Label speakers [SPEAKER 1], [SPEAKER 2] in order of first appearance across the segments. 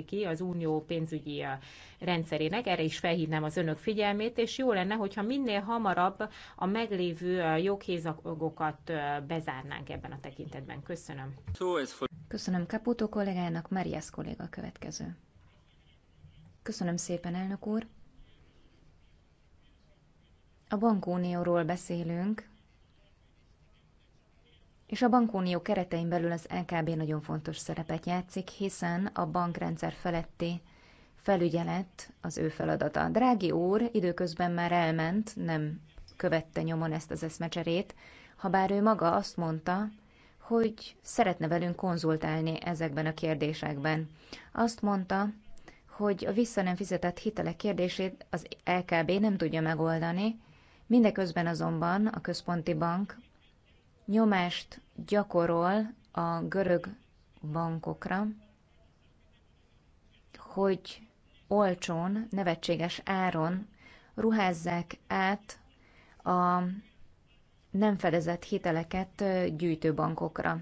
[SPEAKER 1] ki az unió pénzügyi rendszerének. Erre is felhívnám az önök figyelmét, és jó lenne, hogyha minél hamarabb a meglévő joghézagokat bezárnánk ebben a tekintetben. Köszönöm. Köszönöm Caputo
[SPEAKER 2] kollégának, Marias kolléga következő. Köszönöm szépen, elnök úr. A bankunióról beszélünk, és a bankunió keretein belül az LKB nagyon fontos szerepet játszik, hiszen a bankrendszer feletti felügyelet az ő feladata. Drági úr időközben már elment, nem követte nyomon ezt az eszmecserét, ha bár ő maga azt mondta, hogy szeretne velünk konzultálni ezekben a kérdésekben. Azt mondta, hogy a vissza nem fizetett hitelek kérdését az LKB nem tudja megoldani, mindeközben azonban a központi bank nyomást gyakorol a görög bankokra, hogy olcsón, nevetséges áron ruházzák át a nem fedezett hiteleket gyűjtőbankokra.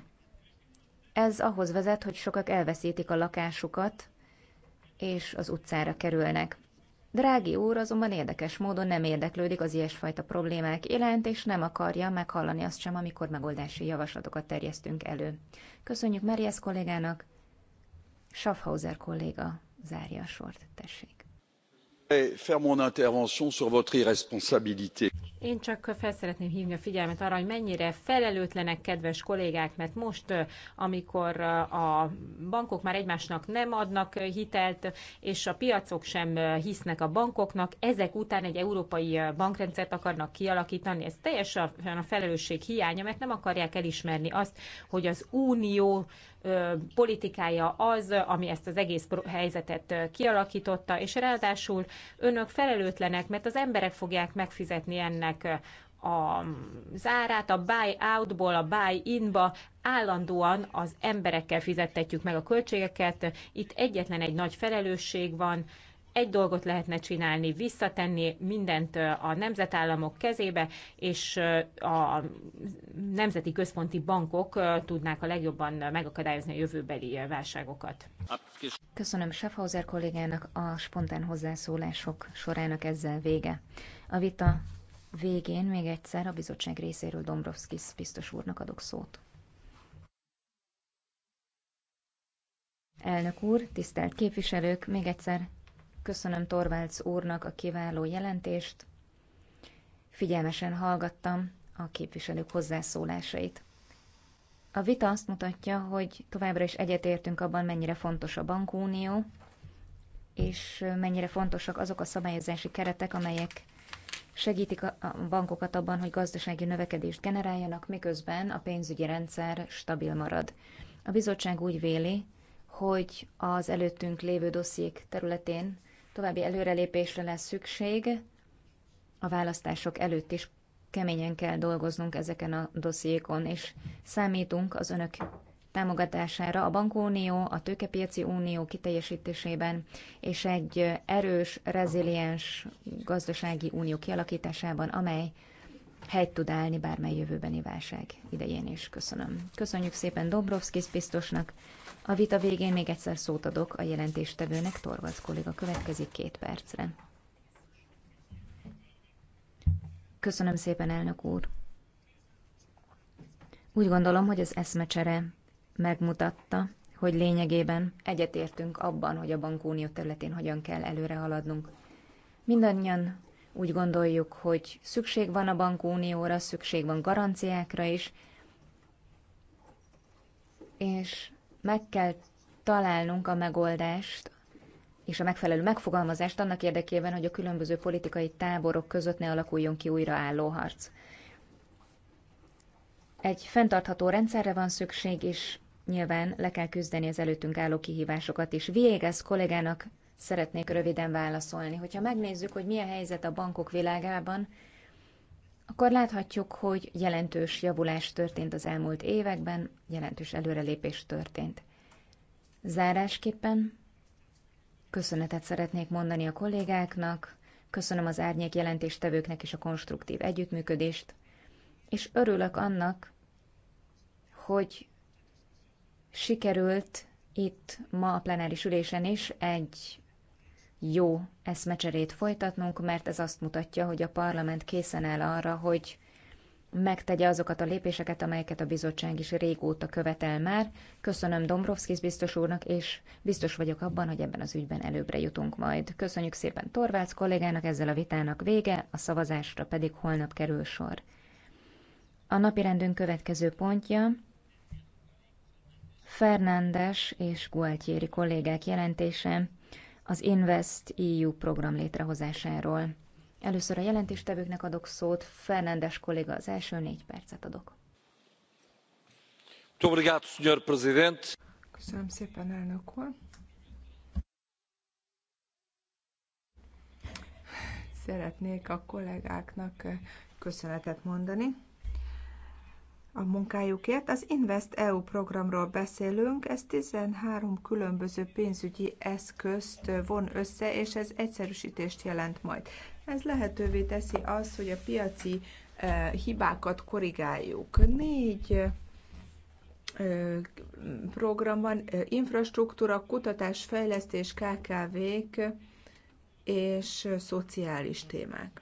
[SPEAKER 2] Ez ahhoz vezet, hogy sokak elveszítik a lakásukat, és az utcára kerülnek. Drági úr azonban érdekes módon nem érdeklődik az ilyesfajta problémák iránt, és nem akarja meghallani azt sem, amikor megoldási javaslatokat terjesztünk elő. Köszönjük Marias kollégának, Schaffhauser kolléga
[SPEAKER 1] zárja a sort, tessék. Faire mon intervention sur votre
[SPEAKER 3] irresponsabilité.
[SPEAKER 1] Én csak fel szeretném hívni a figyelmet arra, hogy mennyire felelőtlenek kedves kollégák, mert most, amikor a bankok már egymásnak nem adnak hitelt, és a piacok sem hisznek a bankoknak, ezek után egy európai bankrendszert akarnak kialakítani. Ez teljesen a felelősség hiánya, mert nem akarják elismerni azt, hogy az unió politikája az, ami ezt az egész helyzetet kialakította, és ráadásul önök felelőtlenek, mert az emberek fogják megfizetni ennek megváltoztatják a zárát, a buy outból a buy inba állandóan az emberekkel fizettetjük meg a költségeket. Itt egyetlen egy nagy felelősség van, egy dolgot lehetne csinálni, visszatenni mindent a nemzetállamok kezébe, és a nemzeti központi bankok tudnák a legjobban megakadályozni a jövőbeli válságokat. Köszönöm
[SPEAKER 2] Schaffhauser kollégának a spontán hozzászólások sorának ezzel vége. A vita végén még egyszer a bizottság részéről Dombrovskis biztos úrnak adok szót. Elnök úr, tisztelt képviselők, még egyszer köszönöm Torvalds úrnak a kiváló jelentést. Figyelmesen hallgattam a képviselők hozzászólásait. A vita azt mutatja, hogy továbbra is egyetértünk abban, mennyire fontos a bankunió, és mennyire fontosak azok a szabályozási keretek, amelyek segítik a bankokat abban, hogy gazdasági növekedést generáljanak, miközben a pénzügyi rendszer stabil marad. A bizottság úgy véli, hogy az előttünk lévő dossziék területén további előrelépésre lesz szükség, a választások előtt is keményen kell dolgoznunk ezeken a dossziékon, és számítunk az önök támogatására a bankunió, a tőkepiaci unió kiteljesítésében és egy erős, reziliens gazdasági unió kialakításában, amely helyt tud állni bármely jövőbeni válság idején is. Köszönöm. Köszönjük szépen Dombrovskis biztosnak. A vita végén még egyszer szót adok a jelentéstevőnek, Torvalds kolléga következik két percre. Köszönöm szépen, elnök úr. Úgy gondolom, hogy az eszmecsere megmutatta, hogy lényegében egyetértünk abban, hogy a bankunió területén hogyan kell előre haladnunk. Mindannyian úgy gondoljuk, hogy szükség van a bankunióra, szükség van garanciákra is, és meg kell találnunk a megoldást és a megfelelő megfogalmazást annak érdekében, hogy a különböző politikai táborok között ne alakuljon ki újra álló harc. Egy fenntartható rendszerre van szükség, és Nyilván le kell küzdeni az előttünk álló kihívásokat is. Végez kollégának szeretnék röviden válaszolni. Hogyha megnézzük, hogy mi a helyzet a bankok világában, akkor láthatjuk, hogy jelentős javulás történt az elmúlt években, jelentős előrelépés történt. Zárásképpen köszönetet szeretnék mondani a kollégáknak, köszönöm az árnyék jelentéstevőknek is a konstruktív együttműködést, és örülök annak, hogy sikerült itt ma a plenáris ülésen is egy jó eszmecserét folytatnunk, mert ez azt mutatja, hogy a parlament készen áll arra, hogy megtegye azokat a lépéseket, amelyeket a bizottság is régóta követel már. Köszönöm Dombrovskis biztos úrnak, és biztos vagyok abban, hogy ebben az ügyben előbbre jutunk majd. Köszönjük szépen Torvács kollégának, ezzel a vitának vége, a szavazásra pedig holnap kerül sor. A napirendünk következő pontja Fernandes és Gualtieri kollégák jelentése az Invest EU program létrehozásáról. Először a jelentéstevőknek adok szót, Fernandes kolléga az első négy percet adok.
[SPEAKER 3] Köszönöm szépen, elnök úr. Szeretnék a kollégáknak eh, köszönetet mondani a munkájukért. Az Invest EU programról beszélünk, ez 13 különböző pénzügyi eszközt von össze, és ez egyszerűsítést jelent majd. Ez lehetővé teszi azt, hogy a piaci e, hibákat korrigáljuk. Négy e, e, program van, infrastruktúra, kutatás, fejlesztés, KKV-k és szociális témák.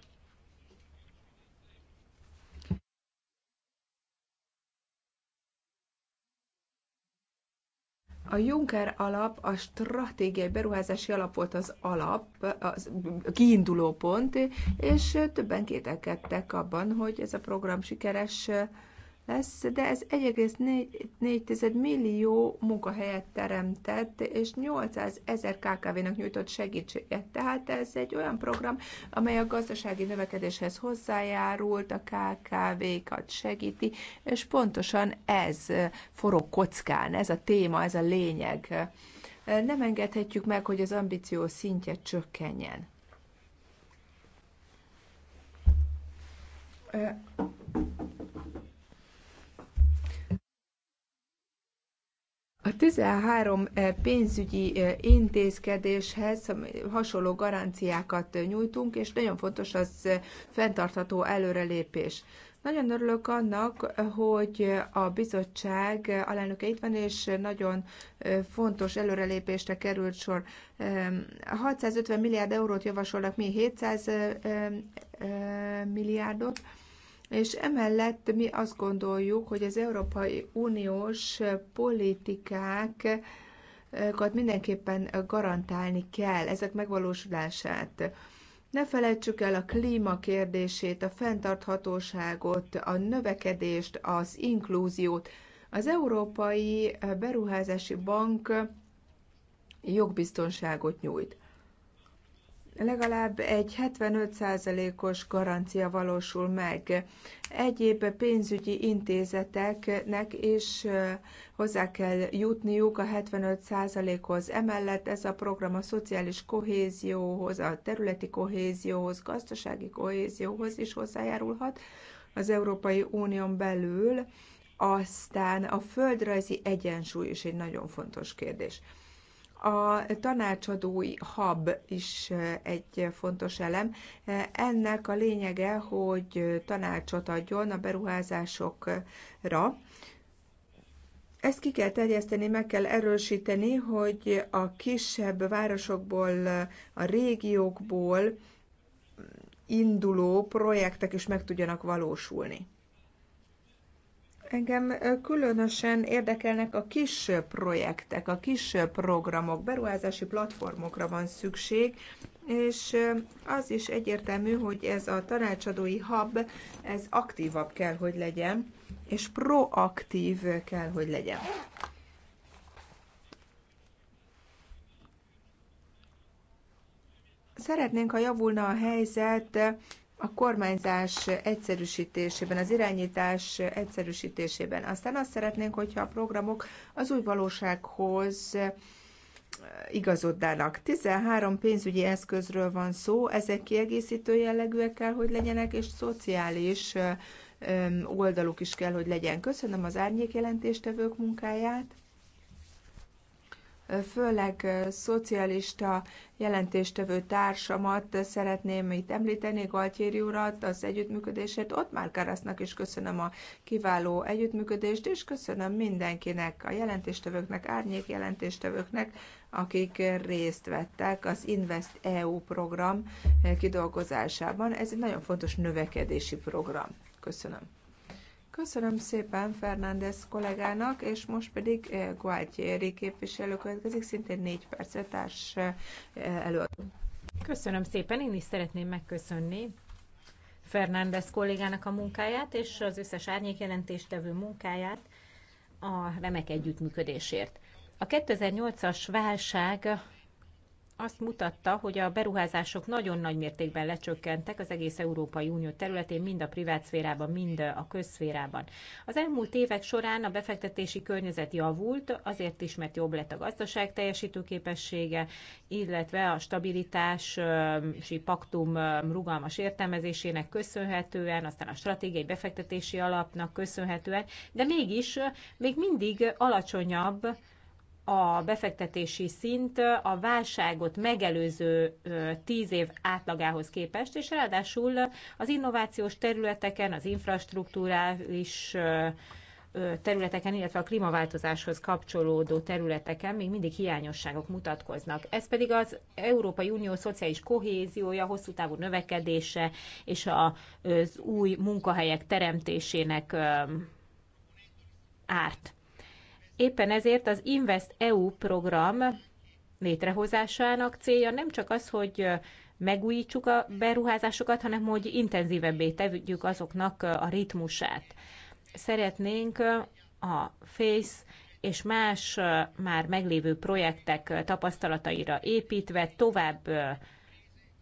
[SPEAKER 3] A Juncker alap, a stratégiai beruházási alap volt az alap, az kiinduló pont, és többen kételkedtek abban, hogy ez a program sikeres lesz, de ez 1,4 millió munkahelyet teremtett, és 800 ezer KKV-nak nyújtott segítséget. Tehát ez egy olyan program, amely a gazdasági növekedéshez hozzájárult, a KKV-kat segíti, és pontosan ez forog kockán, ez a téma, ez a lényeg. Nem engedhetjük meg, hogy az ambíció szintje csökkenjen. A 13 e, pénzügyi e, intézkedéshez hasonló garanciákat nyújtunk, és nagyon fontos az e, fenntartható előrelépés. Nagyon örülök annak, hogy a bizottság alelnöke itt van, és nagyon fontos előrelépésre került sor. 650 milliárd eurót javasolnak, mi 700 milliárdot és emellett mi azt gondoljuk, hogy az Európai Uniós politikák mindenképpen garantálni kell, ezek megvalósulását. Ne felejtsük el a klíma kérdését, a fenntarthatóságot, a növekedést, az inklúziót. Az Európai Beruházási Bank jogbiztonságot nyújt legalább egy 75%-os garancia valósul meg. Egyéb pénzügyi intézeteknek is hozzá kell jutniuk a 75%-hoz. Emellett ez a program a szociális kohézióhoz, a területi kohézióhoz, gazdasági kohézióhoz is hozzájárulhat az Európai Unión belül. Aztán a földrajzi egyensúly is egy nagyon fontos kérdés. A tanácsadói hub is egy fontos elem. Ennek a lényege, hogy tanácsot adjon a beruházásokra. Ezt ki kell terjeszteni, meg kell erősíteni, hogy a kisebb városokból, a régiókból induló projektek is meg tudjanak valósulni. Engem különösen érdekelnek a kis projektek, a kis programok, beruházási platformokra van szükség, és az is egyértelmű, hogy ez a tanácsadói hub, ez aktívabb kell, hogy legyen, és proaktív kell, hogy legyen. Szeretnénk, ha javulna a helyzet a kormányzás egyszerűsítésében, az irányítás egyszerűsítésében. Aztán azt szeretnénk, hogyha a programok az új valósághoz eh, igazodnának. 13 pénzügyi eszközről van szó, ezek kiegészítő jellegűek kell, hogy legyenek, és szociális eh, oldaluk is kell, hogy legyen. Köszönöm az jelentéstevők munkáját főleg szocialista jelentéstevő társamat szeretném itt említeni, Galtieri urat, az együttműködését. Ott már Karasznak is köszönöm a kiváló együttműködést, és köszönöm mindenkinek, a jelentéstevőknek, árnyék jelentéstevőknek, akik részt vettek az Invest EU program kidolgozásában. Ez egy nagyon fontos növekedési program. Köszönöm. Köszönöm szépen Fernández kollégának, és most pedig eh, Guadjéri képviselő következik, szintén négy percre társ eh, előadó.
[SPEAKER 1] Köszönöm szépen, én is szeretném megköszönni Fernández kollégának a munkáját, és az összes árnyékjelentéstevő munkáját a remek együttműködésért. A 2008-as válság azt mutatta, hogy a beruházások nagyon nagy mértékben lecsökkentek az egész Európai Unió területén, mind a privát szférában, mind a közszférában. Az elmúlt évek során a befektetési környezet javult, azért is, mert jobb lett a gazdaság teljesítőképessége, illetve a stabilitási paktum rugalmas értelmezésének köszönhetően, aztán a stratégiai befektetési alapnak köszönhetően, de mégis még mindig alacsonyabb a befektetési szint a válságot megelőző tíz év átlagához képest, és ráadásul az innovációs területeken, az infrastruktúrális területeken, illetve a klímaváltozáshoz kapcsolódó területeken még mindig hiányosságok mutatkoznak. Ez pedig az Európai Unió szociális kohéziója, hosszú távú növekedése és az új munkahelyek teremtésének árt. Éppen ezért az Invest EU program létrehozásának célja nem csak az, hogy megújítsuk a beruházásokat, hanem hogy intenzívebbé tegyük azoknak a ritmusát. Szeretnénk a FACE és más már meglévő projektek tapasztalataira építve tovább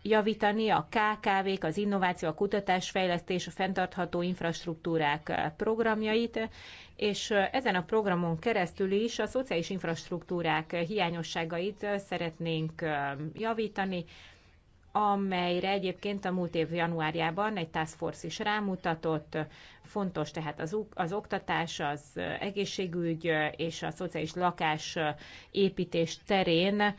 [SPEAKER 1] javítani a KKV-k, az innováció, a kutatás, fejlesztés, a fenntartható infrastruktúrák eh, programjait, és eh, ezen a programon keresztül is a szociális infrastruktúrák eh, hiányosságait szeretnénk javítani, amelyre egyébként a múlt év januárjában egy task force is rámutatott. Fontos tehát az, az oktatás, az egészségügy és a szociális lakás építés terén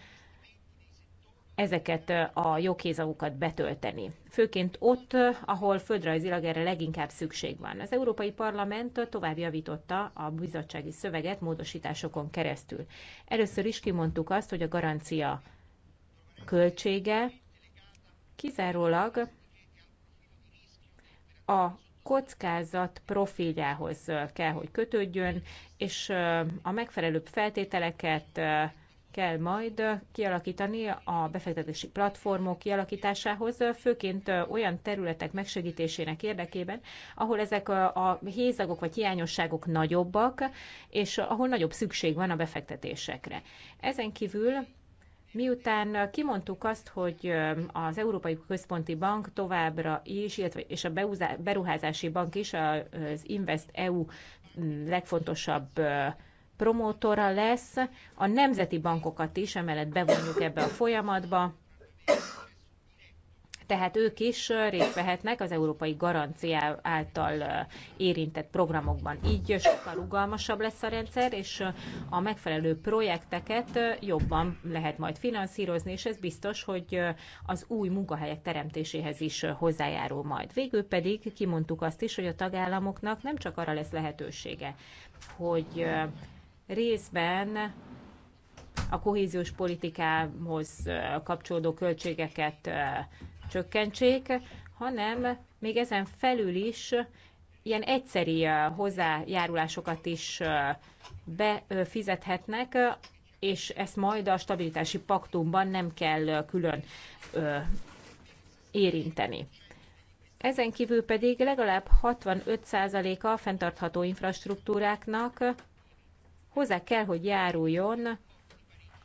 [SPEAKER 1] ezeket a joghézagukat betölteni. Főként ott, ahol földrajzilag erre leginkább szükség van. Az Európai Parlament tovább javította a bizottsági szöveget módosításokon keresztül. Először is kimondtuk azt, hogy a garancia költsége kizárólag a kockázat profiljához kell, hogy kötődjön, és a megfelelő feltételeket kell majd kialakítani a befektetési platformok kialakításához, főként olyan területek megsegítésének érdekében, ahol ezek a hézagok vagy hiányosságok nagyobbak, és ahol nagyobb szükség van a befektetésekre. Ezen kívül Miután kimondtuk azt, hogy az Európai Központi Bank továbbra is, illetve és a beruházási bank is az Invest EU legfontosabb promótora lesz, a nemzeti bankokat is emellett bevonjuk ebbe a folyamatba, tehát ők is részt vehetnek az európai garancia által érintett programokban. Így sokkal rugalmasabb lesz a rendszer, és a megfelelő projekteket jobban lehet majd finanszírozni, és ez biztos, hogy az új munkahelyek teremtéséhez is hozzájárul majd. Végül pedig kimondtuk azt is, hogy a tagállamoknak nem csak arra lesz lehetősége, hogy részben a kohéziós politikához eh, kapcsolódó költségeket eh, csökkentsék, hanem még ezen felül is ilyen egyszeri eh, hozzájárulásokat is befizethetnek, és ezt majd a stabilitási paktumban nem kell külön érinteni. Ezen kívül pedig legalább 65%-a a fenntartható infrastruktúráknak hozzá kell, hogy járuljon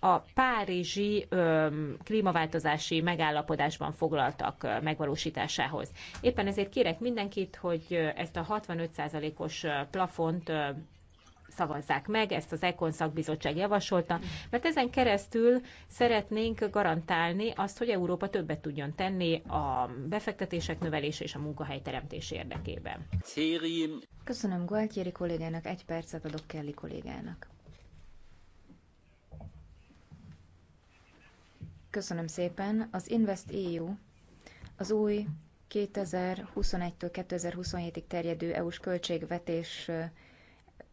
[SPEAKER 1] a párizsi ö, klímaváltozási megállapodásban foglaltak ö, megvalósításához. Éppen ezért kérek mindenkit, hogy ezt a 65%-os plafont ö, szavazzák meg, ezt az Ekon szakbizottság javasolta, mert ezen keresztül szeretnénk garantálni azt, hogy Európa többet tudjon tenni a befektetések növelése és a munkahelyteremtés érdekében. Köszönöm Gualtieri kollégának, egy percet adok Kelly
[SPEAKER 2] kollégának. Köszönöm szépen. Az Invest EU az új 2021-től 2027-ig terjedő EU-s költségvetés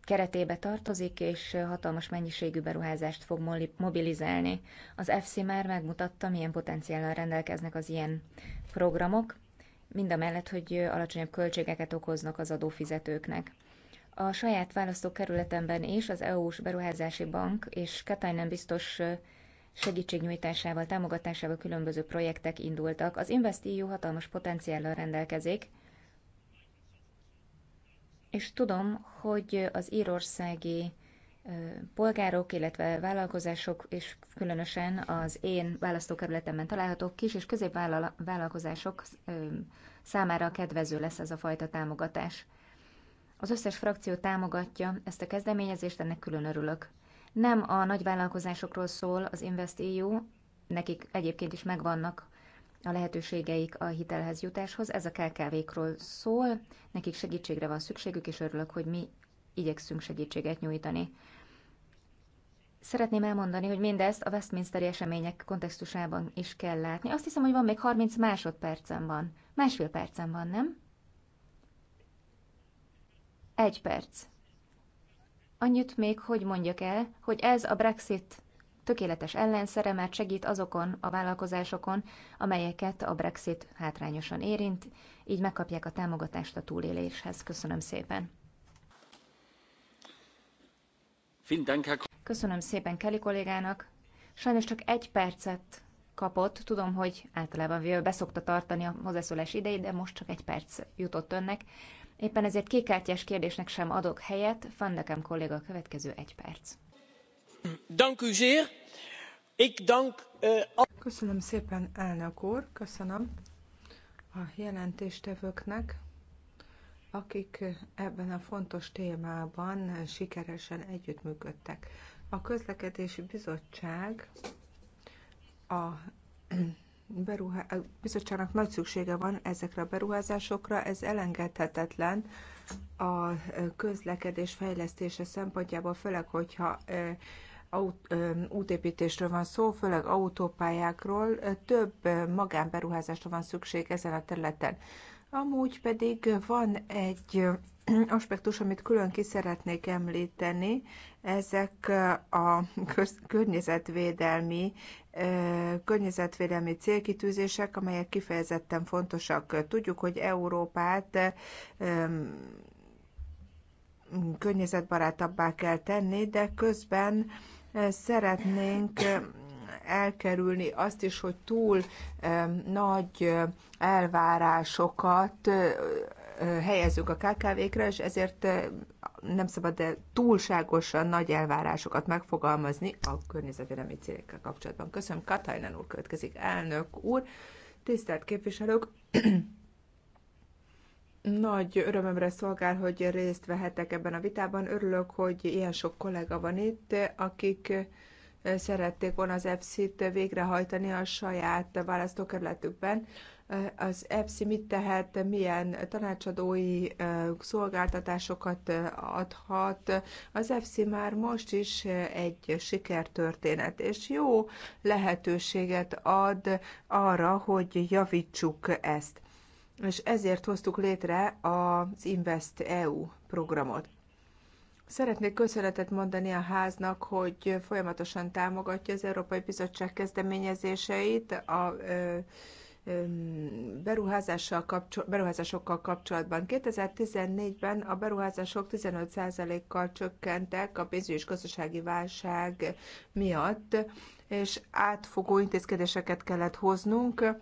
[SPEAKER 2] keretébe tartozik, és hatalmas mennyiségű beruházást fog mobilizálni. Az FC már megmutatta, milyen potenciállal rendelkeznek az ilyen programok, mind a mellett, hogy alacsonyabb költségeket okoznak az adófizetőknek. A saját választókerületemben is az EU-s Beruházási Bank és Katainen biztos segítségnyújtásával, támogatásával különböző projektek indultak. Az InvestEU hatalmas potenciállal rendelkezik, és tudom, hogy az írországi polgárok, illetve vállalkozások, és különösen az én választókerületemben található kis és középvállalkozások számára kedvező lesz ez a fajta támogatás. Az összes frakció támogatja ezt a kezdeményezést, ennek külön örülök. Nem a nagyvállalkozásokról szól az InvestEU, nekik egyébként is megvannak a lehetőségeik a hitelhez jutáshoz. Ez a KKV-król szól, nekik segítségre van szükségük, és örülök, hogy mi igyekszünk segítséget nyújtani. Szeretném elmondani, hogy mindezt a Westminsteri események kontextusában is kell látni. Azt hiszem, hogy van még 30 másodpercen van. Másfél percen van, nem? Egy perc. Annyit még, hogy mondjak el, hogy ez a Brexit tökéletes ellenszere, mert segít azokon a vállalkozásokon, amelyeket a Brexit hátrányosan érint, így megkapják a támogatást a túléléshez. Köszönöm szépen! Köszönöm szépen Kelly kollégának. Sajnos csak egy percet kapott. Tudom, hogy általában beszokta tartani a hozzászólás idejét, de most csak egy perc jutott önnek. Éppen ezért kékártyás kérdésnek sem adok helyet. Fandekem kolléga a következő
[SPEAKER 3] egy perc. Eh, köszönöm szépen, elnök úr, köszönöm a jelentéstevőknek, akik ebben a fontos témában sikeresen együttműködtek. A közlekedési bizottság a a bizottságnak nagy szüksége van ezekre a beruházásokra, ez elengedhetetlen a közlekedés fejlesztése szempontjából, főleg, hogyha eh, aut, útépítésről van szó, főleg autópályákról, több magánberuházásra van szükség ezen a területen. Amúgy pedig van egy aspektus, amit külön ki szeretnék említeni, ezek a környezetvédelmi, környezetvédelmi célkitűzések, amelyek kifejezetten fontosak. Tudjuk, hogy Európát környezetbarátabbá kell tenni, de közben szeretnénk elkerülni azt is, hogy túl nagy elvárásokat helyezzük a KKV-kre, és ezért nem szabad de túlságosan nagy elvárásokat megfogalmazni a környezetvédelmi célekkel kapcsolatban. Köszönöm, Katajnán úr következik, elnök úr, tisztelt képviselők! Nagy örömömre szolgál, hogy részt vehetek ebben a vitában. Örülök, hogy ilyen sok kollega van itt, akik eh, szerették volna az EFSZ-t végrehajtani a saját választókerületükben. Eh, az EFSZ mit tehet, milyen tanácsadói eh, szolgáltatásokat adhat. Az EFSZ már most is egy sikertörténet, és jó lehetőséget ad arra, hogy javítsuk ezt és ezért hoztuk létre az Invest EU programot. Szeretnék köszönetet mondani a háznak, hogy folyamatosan támogatja az Európai Bizottság kezdeményezéseit a beruházással kapcsol- beruházásokkal kapcsolatban. 2014-ben a beruházások 15%-kal csökkentek a pénzügyi és gazdasági válság miatt, és átfogó intézkedéseket kellett hoznunk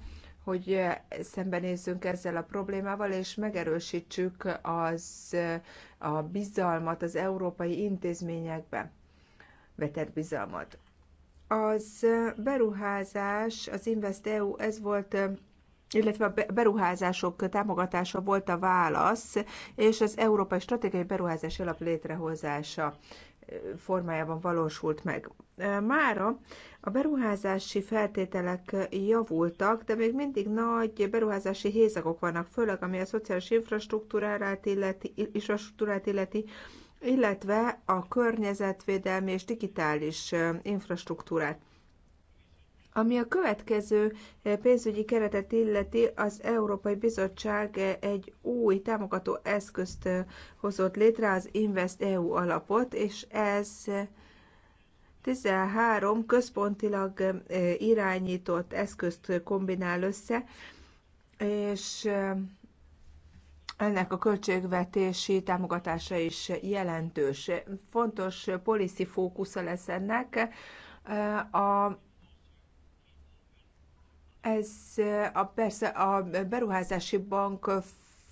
[SPEAKER 3] hogy eh, szembenézzünk ezzel a problémával, és megerősítsük az, eh, a bizalmat az európai intézményekbe vetett bizalmat. Az eh, beruházás, az InvestEU, ez volt illetve a beruházások támogatása volt a válasz, és az Európai Stratégiai Beruházási Alap létrehozása formájában valósult meg. Mára a beruházási feltételek javultak, de még mindig nagy beruházási hézagok vannak, főleg ami a szociális infrastruktúrát illeti, infrastruktúrát illeti illetve a környezetvédelmi és digitális infrastruktúrát. Ami a következő eh, pénzügyi keretet illeti, az Európai Bizottság eh, egy új támogató eszközt eh, hozott létre, az Invest EU alapot, és ez 13 központilag irányított eszközt kombinál össze, és ennek a költségvetési támogatása is jelentős. Fontos policy fókusza lesz ennek. A ez a, persze a beruházási bank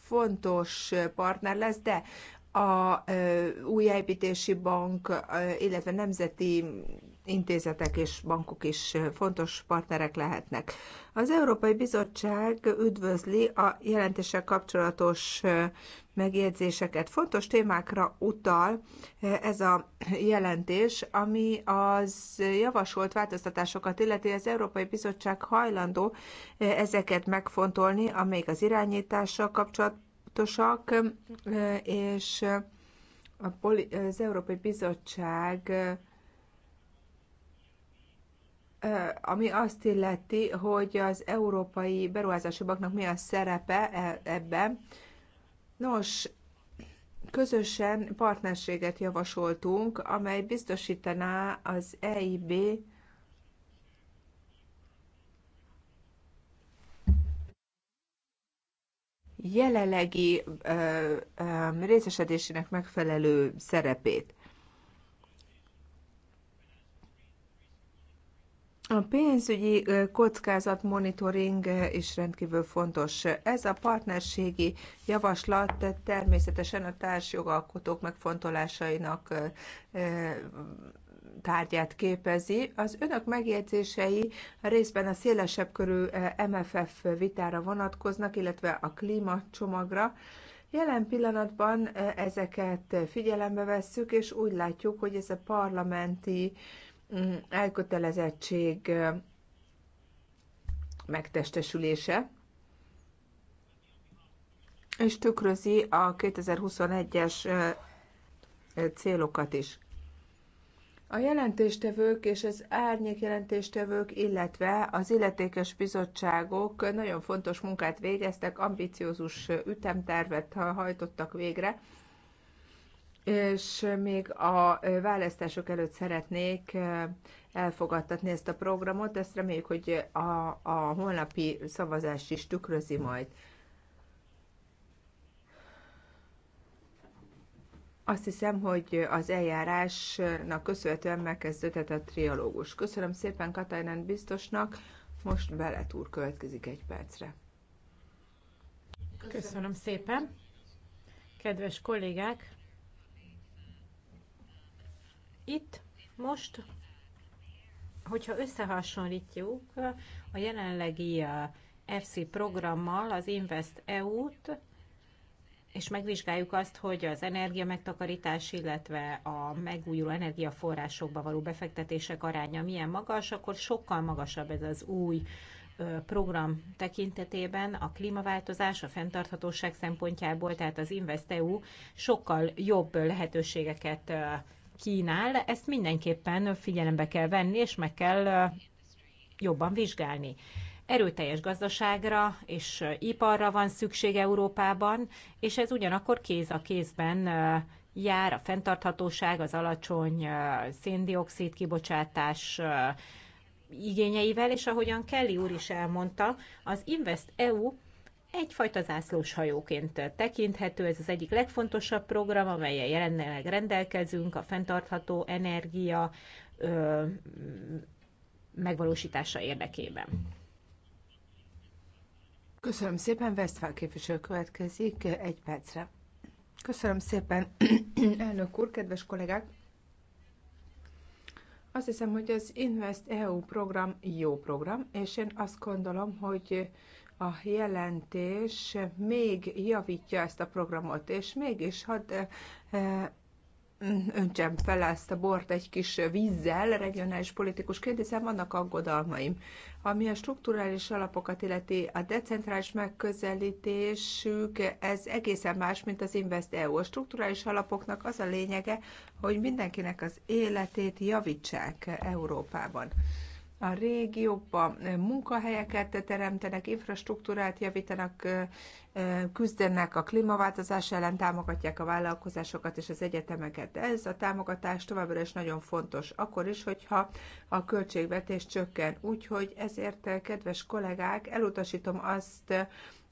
[SPEAKER 3] fontos partner lesz, de a újjáépítési bank, illetve nemzeti intézetek és bankok is fontos partnerek lehetnek. Az Európai Bizottság üdvözli a jelentéssel kapcsolatos megjegyzéseket. Fontos témákra utal eh, ez a jelentés, ami az javasolt változtatásokat illeti, az Európai Bizottság hajlandó eh, ezeket megfontolni, amelyik az irányítással kapcsolatosak, eh, és az Európai Bizottság ami azt illeti, hogy az Európai Beruházási Banknak mi a szerepe e-, ebben, Nos, közösen partnerséget javasoltunk, amely biztosítaná az EIB jelenlegi ö, ö, részesedésének megfelelő szerepét. A pénzügyi kockázatmonitoring is rendkívül fontos. Ez a partnerségi javaslat természetesen a társjogalkotók megfontolásainak tárgyát képezi. Az önök megjegyzései részben a szélesebb körű MFF vitára vonatkoznak, illetve a klímacsomagra. Jelen pillanatban ezeket figyelembe vesszük, és úgy látjuk, hogy ez a parlamenti Mm, elkötelezettség megtestesülése, és tükrözi a 2021-es célokat is. A jelentéstevők és az árnyék jelentéstevők, illetve az illetékes bizottságok nagyon fontos munkát végeztek, ambiciózus ütemtervet hajtottak végre, és még a választások előtt szeretnék elfogadtatni ezt a programot, ezt reméljük, hogy a, a holnapi szavazást is tükrözi majd. Azt hiszem, hogy az eljárásnak köszönhetően megkezdődhet a triológus. Köszönöm szépen Katajnán biztosnak, most Beletúr következik egy percre.
[SPEAKER 1] Köszönöm. Köszönöm szépen. Kedves kollégák, itt most, hogyha összehasonlítjuk a jelenlegi eh, FC programmal az Invest EU-t, és megvizsgáljuk azt, hogy az energia megtakarítás, illetve a megújuló energiaforrásokba való befektetések aránya milyen magas, akkor sokkal magasabb ez az új eh, program tekintetében a klímaváltozás, a fenntarthatóság szempontjából, tehát az InvestEU sokkal jobb lehetőségeket eh, kínál, ezt mindenképpen figyelembe kell venni, és meg kell jobban vizsgálni. Erőteljes gazdaságra és iparra van szükség Európában, és ez ugyanakkor kéz a kézben jár a fenntarthatóság, az alacsony széndiokszid kibocsátás igényeivel, és ahogyan Kelly úr is elmondta, az Invest EU egyfajta zászlós hajóként tekinthető. Ez az egyik legfontosabb program, amelyen jelenleg rendelkezünk, a fenntartható energia ö, megvalósítása érdekében.
[SPEAKER 3] Köszönöm szépen, Westphal képviselő következik egy percre. Köszönöm szépen, elnök úr, kedves kollégák! Azt hiszem, hogy az Invest EU program jó program, és én azt gondolom, hogy a jelentés még javítja ezt a programot, és mégis hadd eh, eh, öntsem fel ezt a bort egy kis vízzel, regionális politikusként, hiszen vannak aggodalmaim. Ami a strukturális alapokat illeti, a decentrális megközelítésük, ez egészen más, mint az Invest EU. A strukturális alapoknak az a lényege, hogy mindenkinek az életét javítsák Európában a régiókba munkahelyeket teremtenek, infrastruktúrát javítanak, küzdenek a klímaváltozás ellen, támogatják a vállalkozásokat és az egyetemeket. Ez a támogatás továbbra is nagyon fontos, akkor is, hogyha a költségvetés csökken. Úgyhogy ezért, kedves kollégák, elutasítom azt,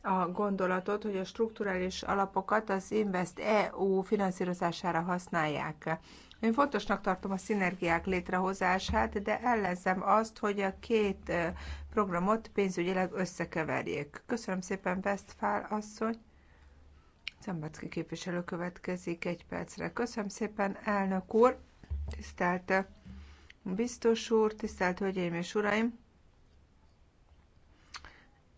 [SPEAKER 3] a gondolatot, hogy a strukturális alapokat az Invest EU finanszírozására használják. Én fontosnak tartom a szinergiák létrehozását, de ellenzem azt, hogy a két programot pénzügyileg összekeverjék. Köszönöm szépen, Westphal asszony. Zambacki képviselő következik egy percre. Köszönöm szépen, elnök úr, tisztelt biztos úr, tisztelt hölgyeim és uraim!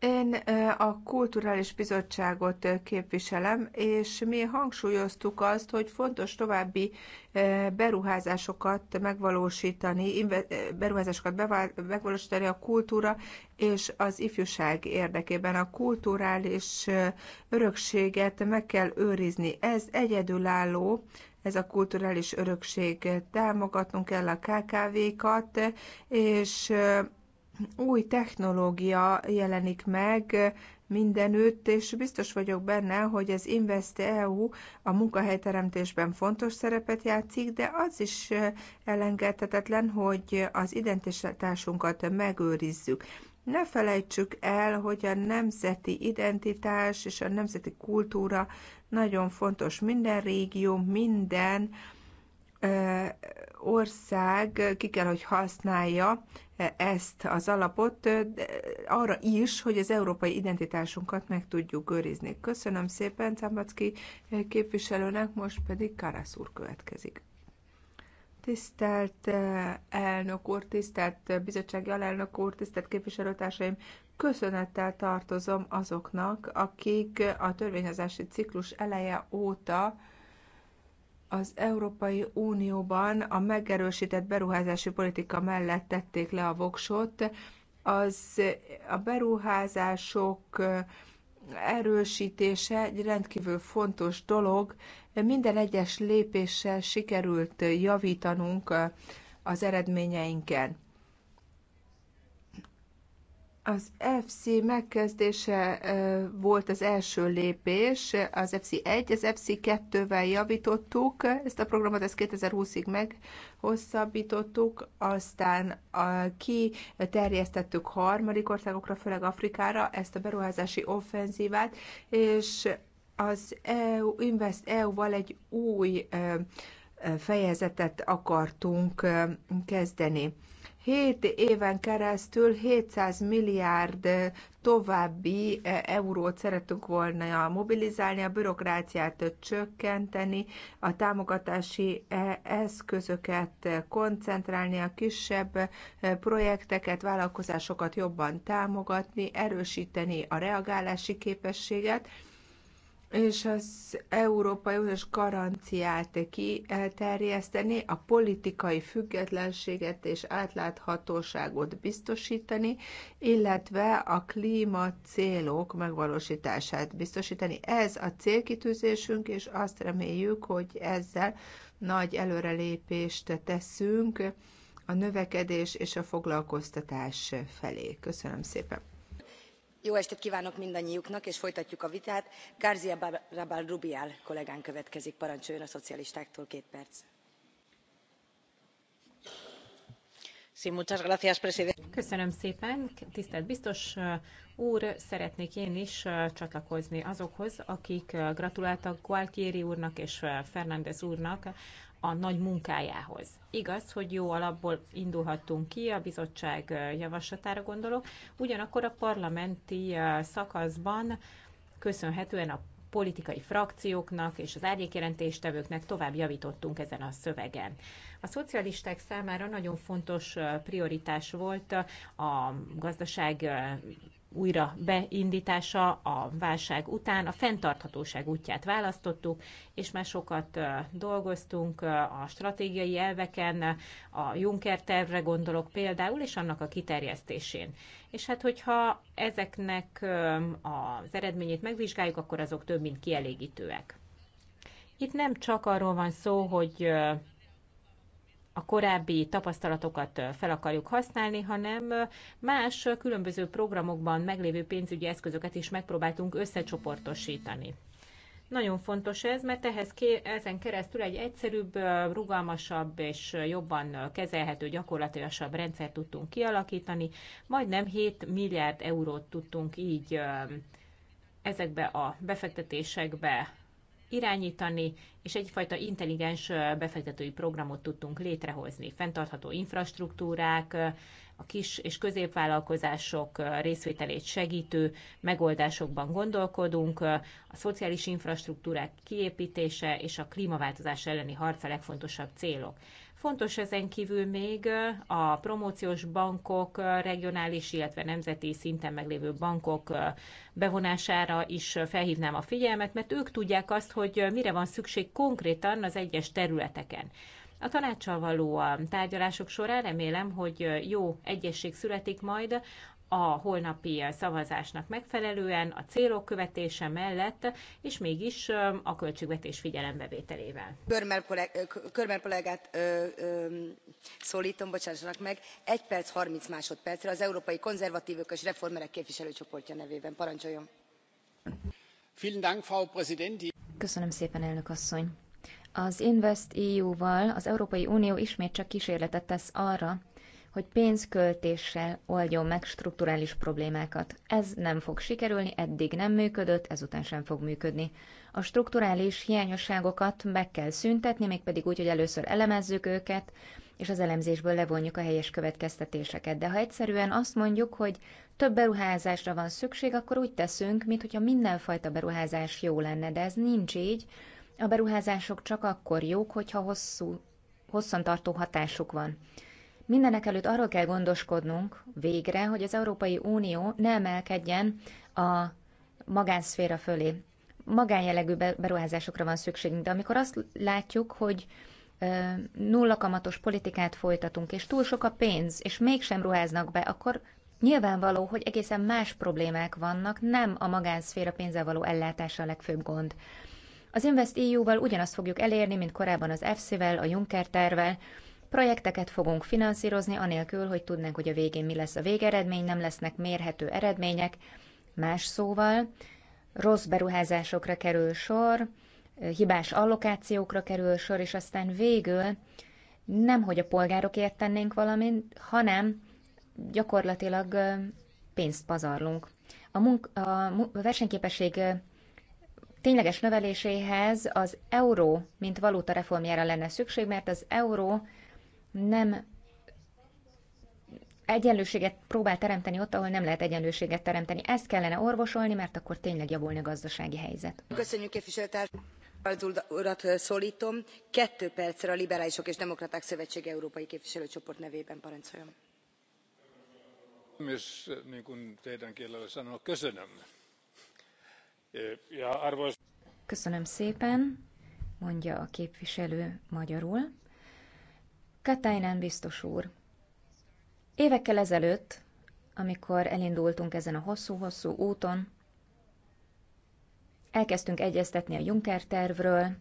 [SPEAKER 3] Én a Kulturális Bizottságot képviselem, és mi hangsúlyoztuk azt, hogy fontos további beruházásokat megvalósítani, beruházásokat megvalósítani a kultúra és az ifjúság érdekében. A kulturális örökséget meg kell őrizni. Ez egyedülálló ez a kulturális örökség. Támogatnunk kell a KKV-kat, és új technológia jelenik meg mindenütt, és biztos vagyok benne, hogy az InvestEU a munkahelyteremtésben fontos szerepet játszik, de az is elengedhetetlen, hogy az identitásunkat megőrizzük. Ne felejtsük el, hogy a nemzeti identitás és a nemzeti kultúra nagyon fontos. Minden régió, minden ország ki kell, hogy használja ezt az alapot arra is, hogy az európai identitásunkat meg tudjuk őrizni. Köszönöm szépen Czambacki képviselőnek, most pedig Karasz úr következik. Tisztelt elnök úr, tisztelt bizottsági alelnök úr, tisztelt képviselőtársaim, köszönettel tartozom azoknak, akik a törvényhozási ciklus eleje óta az Európai Unióban a megerősített beruházási politika mellett tették le a voksot. Az a beruházások erősítése egy rendkívül fontos dolog. Minden egyes lépéssel sikerült javítanunk az eredményeinken. Az FC megkezdése volt az első lépés, az FC1, az FC2-vel javítottuk, ezt a programot ezt 2020-ig meghosszabbítottuk, aztán ki terjesztettük harmadik országokra, főleg Afrikára ezt a beruházási offenzívát, és az EU, Invest EU-val egy új fejezetet akartunk kezdeni. 7 éven keresztül 700 milliárd további e, eurót szeretünk volna mobilizálni, a bürokráciát csökkenteni, a támogatási e, eszközöket koncentrálni, a kisebb e, projekteket, vállalkozásokat jobban támogatni, erősíteni a reagálási képességet, és az Európai Uniós garanciát kiterjeszteni, a politikai függetlenséget és átláthatóságot biztosítani, illetve a klíma célok megvalósítását biztosítani. Ez a célkitűzésünk, és azt reméljük, hogy ezzel nagy előrelépést teszünk a növekedés és a foglalkoztatás felé. Köszönöm szépen!
[SPEAKER 4] jó estét kvánok mindannyiuknak és folytatjuk a vitát garca rabal rubial kollégánk következik parancsoljon a szocialistáktól két perc.
[SPEAKER 1] köszönöm szépen tisztelt biztos uh, úr szeretnék én is uh, csatlakozni azokhoz akik uh, gratuláltak gualtieri úrnak és fernandes úrnak a nagy munkájához. Igaz, hogy jó alapból indulhattunk ki, a bizottság javaslatára gondolok, ugyanakkor a parlamenti szakaszban köszönhetően a politikai frakcióknak és az árnyékjelentéstevőknek tovább javítottunk ezen a szövegen. A szocialisták számára nagyon fontos prioritás volt a gazdaság újra beindítása a válság után. A fenntarthatóság útját választottuk, és már sokat dolgoztunk a stratégiai elveken, a Juncker tervre gondolok például, és annak a kiterjesztésén. És hát, hogyha ezeknek az eredményét megvizsgáljuk, akkor azok több mint kielégítőek. Itt nem csak arról van szó, hogy a korábbi tapasztalatokat fel akarjuk használni, hanem más különböző programokban meglévő pénzügyi eszközöket is megpróbáltunk összecsoportosítani. Nagyon fontos ez, mert ehhez ké- ezen keresztül egy egyszerűbb, rugalmasabb és jobban kezelhető, gyakorlatilasabb rendszert tudtunk kialakítani. Majdnem 7 milliárd eurót tudtunk így ezekbe a befektetésekbe irányítani, és egyfajta intelligens befektetői programot tudtunk létrehozni. Fenntartható infrastruktúrák, a kis és középvállalkozások részvételét segítő megoldásokban gondolkodunk, a szociális infrastruktúrák kiépítése és a klímaváltozás elleni harc a legfontosabb célok. Fontos ezen kívül még a promóciós bankok, regionális, illetve nemzeti szinten meglévő bankok bevonására is felhívnám a figyelmet, mert ők tudják azt, hogy mire van szükség konkrétan az egyes területeken. A tanácssal való a tárgyalások során remélem, hogy jó egyesség születik majd a holnapi szavazásnak megfelelően, a célok követése mellett, és mégis a költségvetés figyelembevételével.
[SPEAKER 4] Körmer kollégát ö, ö, szólítom, bocsássanak meg, 1 perc 30 másodpercre az Európai Konzervatívok és Reformerek képviselőcsoportja nevében. Parancsoljon!
[SPEAKER 2] Köszönöm szépen, elnök asszony! Az Invest EU-val az Európai Unió ismét csak kísérletet tesz arra, hogy pénzköltéssel oldjon meg strukturális problémákat. Ez nem fog sikerülni, eddig nem működött, ezután sem fog működni. A strukturális hiányosságokat meg kell szüntetni, mégpedig úgy, hogy először elemezzük őket, és az elemzésből levonjuk a helyes következtetéseket. De ha egyszerűen azt mondjuk, hogy több beruházásra van szükség, akkor úgy teszünk, mintha mindenfajta beruházás jó lenne, de ez nincs így, a beruházások csak akkor jók, hogyha hosszú, hosszantartó hatásuk van. Mindenek előtt arról kell gondoskodnunk végre, hogy az Európai Unió ne emelkedjen a magánszféra fölé. Magánjellegű beruházásokra van szükségünk, de amikor azt látjuk, hogy nulla kamatos politikát folytatunk, és túl sok a pénz, és mégsem ruháznak be, akkor nyilvánvaló, hogy egészen más problémák vannak, nem a magánszféra pénzzel való ellátása a legfőbb gond. Az Invest EU-val ugyanazt fogjuk elérni, mint korábban az efsi vel a Juncker tervel, Projekteket fogunk finanszírozni, anélkül, hogy tudnánk, hogy a végén mi lesz a végeredmény, nem lesznek mérhető eredmények. Más szóval, rossz beruházásokra kerül sor, hibás allokációkra kerül sor, és aztán végül nem, hogy a polgárokért tennénk valamit, hanem gyakorlatilag pénzt pazarlunk. A, munk- a versenyképesség tényleges növeléséhez az euró, mint valuta reformjára lenne szükség, mert az euró nem egyenlőséget próbál teremteni ott, ahol nem lehet egyenlőséget teremteni. Ezt kellene orvosolni, mert akkor tényleg javulni a gazdasági helyzet.
[SPEAKER 4] Köszönjük képviselőtársam! urat szóltom kettő percre a liberálisok és demokraták szövetsége európai képviselőcsoport nevében parancsoljon. arvoisa puhemies teidän kielellänne sanotaan köszönöm.
[SPEAKER 2] Köszönöm szépen, mondja a képviselő magyarul. Katainen biztos úr. Évekkel ezelőtt, amikor elindultunk ezen a hosszú-hosszú úton, elkezdtünk egyeztetni a Juncker tervről,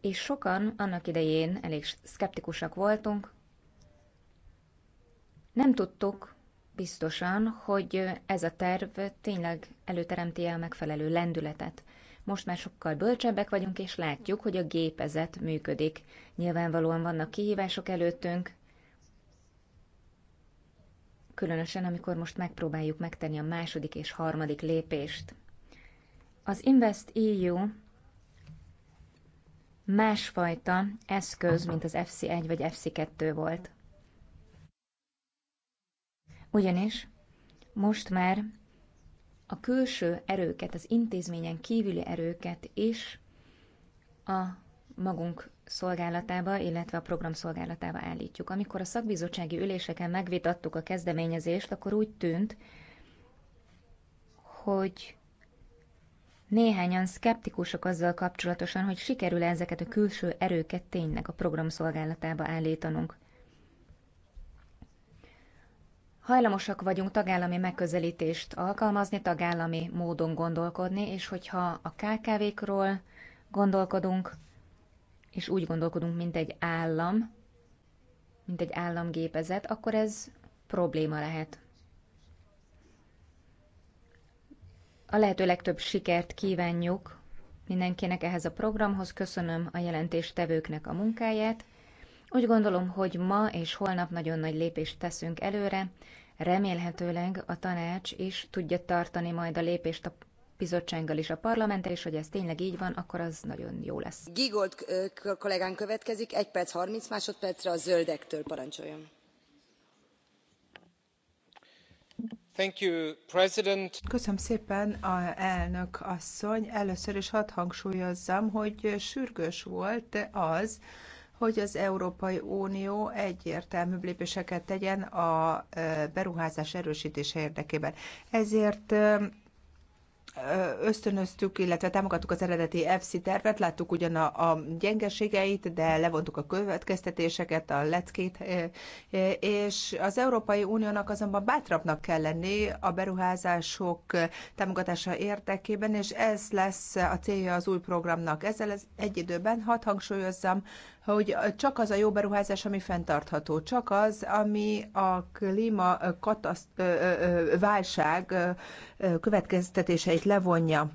[SPEAKER 2] és sokan annak idején elég szkeptikusak voltunk. Nem tudtuk, biztosan, hogy ez a terv tényleg előteremti a megfelelő lendületet. Most már sokkal bölcsebbek vagyunk, és látjuk, hogy a gépezet működik. Nyilvánvalóan vannak kihívások előttünk, különösen amikor most megpróbáljuk megtenni a második és harmadik lépést. Az Invest EU másfajta eszköz, mint az FC1 vagy FC2 volt. Ugyanis most már a külső erőket, az intézményen kívüli erőket is a magunk szolgálatába, illetve a program szolgálatába állítjuk. Amikor a szakbizottsági üléseken megvitattuk a kezdeményezést, akkor úgy tűnt, hogy néhányan szkeptikusok azzal kapcsolatosan, hogy sikerül -e ezeket a külső erőket tényleg a program szolgálatába állítanunk hajlamosak vagyunk tagállami megközelítést alkalmazni, tagállami módon gondolkodni, és hogyha a KKV-król gondolkodunk, és úgy gondolkodunk, mint egy állam, mint egy államgépezet, akkor ez probléma lehet. A lehető legtöbb sikert kívánjuk mindenkinek ehhez a programhoz. Köszönöm a jelentéstevőknek a munkáját. Úgy gondolom, hogy ma és holnap nagyon nagy lépést teszünk előre, remélhetőleg a tanács is tudja tartani majd a lépést a bizottsággal is a parlamenttel, és hogy ez tényleg így van, akkor az nagyon jó lesz.
[SPEAKER 4] Gigold kollégán következik, 1 perc 30 másodpercre
[SPEAKER 3] a zöldektől parancsoljon. You, Köszönöm szépen, a elnök asszony. Először is hadd hangsúlyozzam, hogy sürgős volt az, hogy az Európai Unió egyértelműbb lépéseket tegyen a beruházás erősítése érdekében. Ezért ösztönöztük, illetve támogattuk az eredeti EFSI tervet, láttuk ugyan a, a gyengeségeit, de levontuk a következtetéseket, a leckét, és az Európai Uniónak azonban bátrabbnak kell lenni a beruházások támogatása érdekében, és ez lesz a célja az új programnak. Ezzel egy időben hadd hangsúlyozzam, hogy csak az a jó beruházás, ami fenntartható, csak az, ami a klíma válság következtetéseit levonja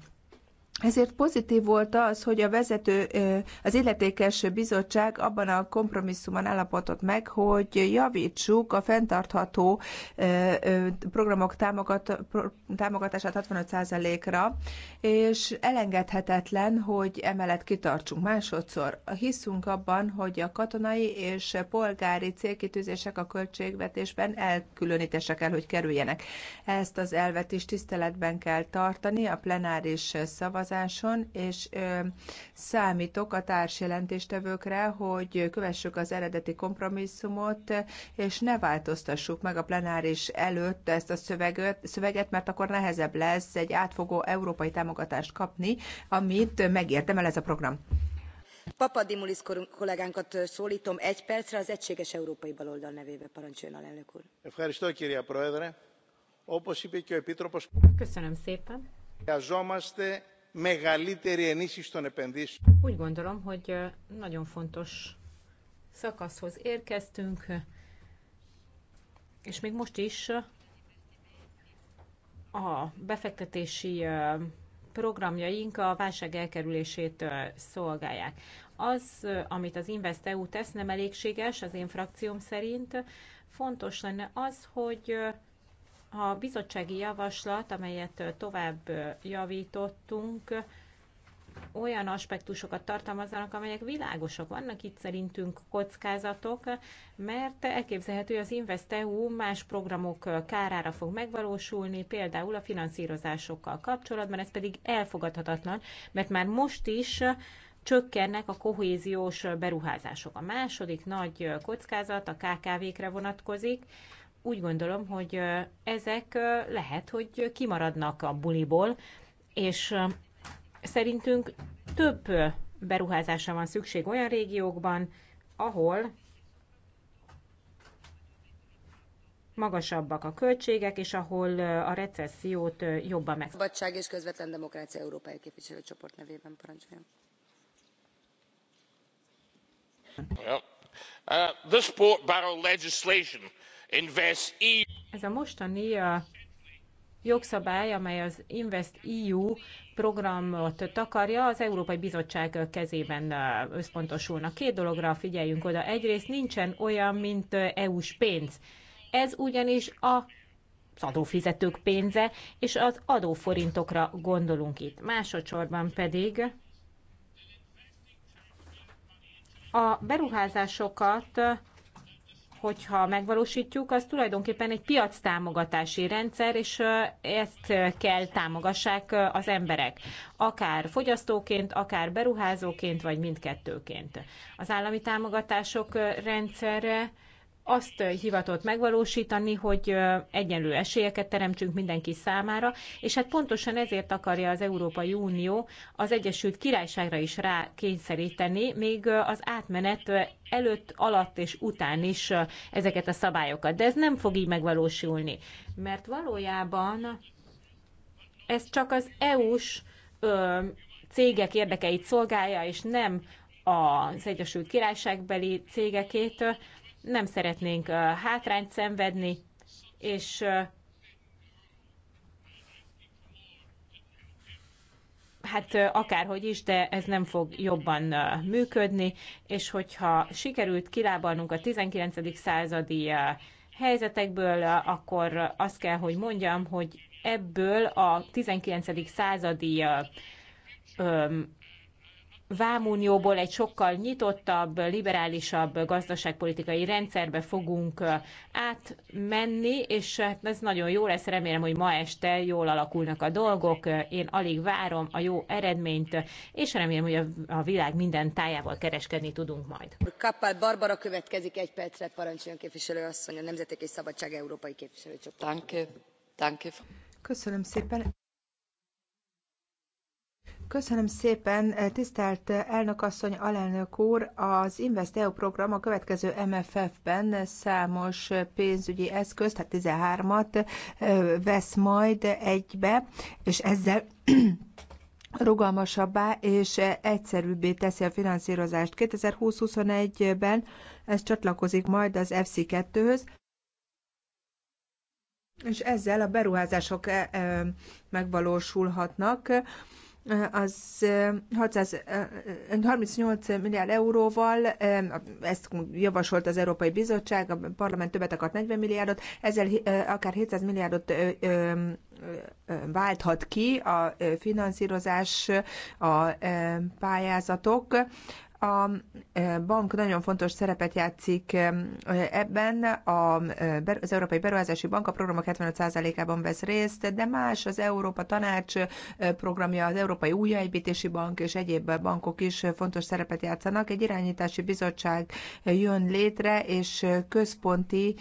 [SPEAKER 3] ezért pozitív volt az, hogy a vezető, az illetékes bizottság abban a kompromisszumon állapotott meg, hogy javítsuk a fenntartható programok támogatását 65%-ra, és elengedhetetlen, hogy emellett kitartsunk másodszor. Hiszünk abban, hogy a katonai és polgári célkitűzések a költségvetésben elkülönítésre el, hogy kerüljenek. Ezt az elvet is tiszteletben kell tartani a plenáris szavazás szavazáson, és számítok a társjelentéstevőkre, hogy kövessük az eredeti kompromisszumot, és ne változtassuk meg a plenáris előtt ezt a szöveget, szöveget mert akkor nehezebb lesz egy átfogó európai támogatást kapni, amit megértem el ez a program.
[SPEAKER 4] Papa Dimulis kollégánkat szólítom egy percre az Egységes Európai Baloldal nevébe parancsoljon, elnök úr. Köszönöm szépen.
[SPEAKER 1] Úgy gondolom, hogy nagyon fontos szakaszhoz érkeztünk, és még most is a befektetési programjaink a válság elkerülését szolgálják. Az, amit az InvestEU tesz, nem elégséges az én frakcióm szerint. Fontos lenne az, hogy a bizottsági javaslat, amelyet tovább javítottunk, olyan aspektusokat tartalmaznak, amelyek világosak. Vannak itt szerintünk kockázatok, mert elképzelhető, hogy az InvestEU más programok kárára fog megvalósulni, például a finanszírozásokkal kapcsolatban, ez pedig elfogadhatatlan, mert már most is csökkennek a kohéziós beruházások. A második nagy kockázat a KKV-kre vonatkozik, úgy gondolom, hogy ezek lehet, hogy kimaradnak a buliból, és szerintünk több beruházásra van szükség olyan régiókban, ahol magasabbak a költségek, és ahol a recessziót jobban meg.
[SPEAKER 4] Szabadság és közvetlen demokrácia európai képviselőcsoport nevében
[SPEAKER 3] parancsoljon. Yeah. Uh, this pork barrel legislation E
[SPEAKER 1] Ez a mostani jogszabály, amely az Invest EU programot takarja, az Európai Bizottság kezében összpontosulnak. Két dologra figyeljünk oda. Egyrészt nincsen olyan, mint EU-s pénz. Ez ugyanis a az adófizetők pénze, és az adóforintokra gondolunk itt. Másodszorban pedig a beruházásokat hogyha megvalósítjuk, az tulajdonképpen egy piac támogatási rendszer, és ezt kell támogassák az emberek, akár fogyasztóként, akár beruházóként, vagy mindkettőként. Az állami támogatások rendszerre azt hivatott megvalósítani, hogy egyenlő esélyeket teremtsünk mindenki számára, és hát pontosan ezért akarja az Európai Unió az Egyesült Királyságra is rá kényszeríteni, még az átmenet előtt, alatt és után is ezeket a szabályokat. De ez nem fog így megvalósulni, mert valójában ez csak az EU-s cégek érdekeit szolgálja, és nem az Egyesült Királyságbeli cégekét, nem szeretnénk hátrányt szenvedni, és hát akárhogy is, de ez nem fog jobban működni, és hogyha sikerült kilábalnunk a 19. századi helyzetekből, akkor azt kell, hogy mondjam, hogy ebből a 19. századi öm, vámunióból egy sokkal nyitottabb, liberálisabb gazdaságpolitikai rendszerbe fogunk átmenni, és hát, ez nagyon jó lesz. Remélem, hogy ma este jól alakulnak a dolgok. Én alig várom a jó eredményt, és remélem, hogy a világ minden tájával kereskedni tudunk majd.
[SPEAKER 4] Kappál Barbara következik egy percre, parancsoljon képviselő asszony, a Nemzetek és Szabadság Európai Képviselőcsoport.
[SPEAKER 3] Danke. Danke. Köszönöm szépen. Köszönöm szépen, tisztelt elnökasszony, alelnök úr! Az InvestEU program a következő MFF-ben számos pénzügyi eszköz, tehát 13-at vesz majd egybe, és ezzel rugalmasabbá és egyszerűbbé teszi a finanszírozást. 2020-21-ben ez csatlakozik majd az FC2-höz, és ezzel a beruházások megvalósulhatnak az 638 milliárd euróval, ezt javasolt az Európai Bizottság, a parlament többet akart 40 milliárdot, ezzel akár 700 milliárdot válthat ki a finanszírozás, a pályázatok. A bank nagyon fontos szerepet játszik ebben. Az Európai Beruházási Bank a programok 75%-ában vesz részt, de más az Európa Tanács programja, az Európai Újjáépítési Bank és egyéb bankok is fontos szerepet játszanak. Egy irányítási bizottság jön létre, és központi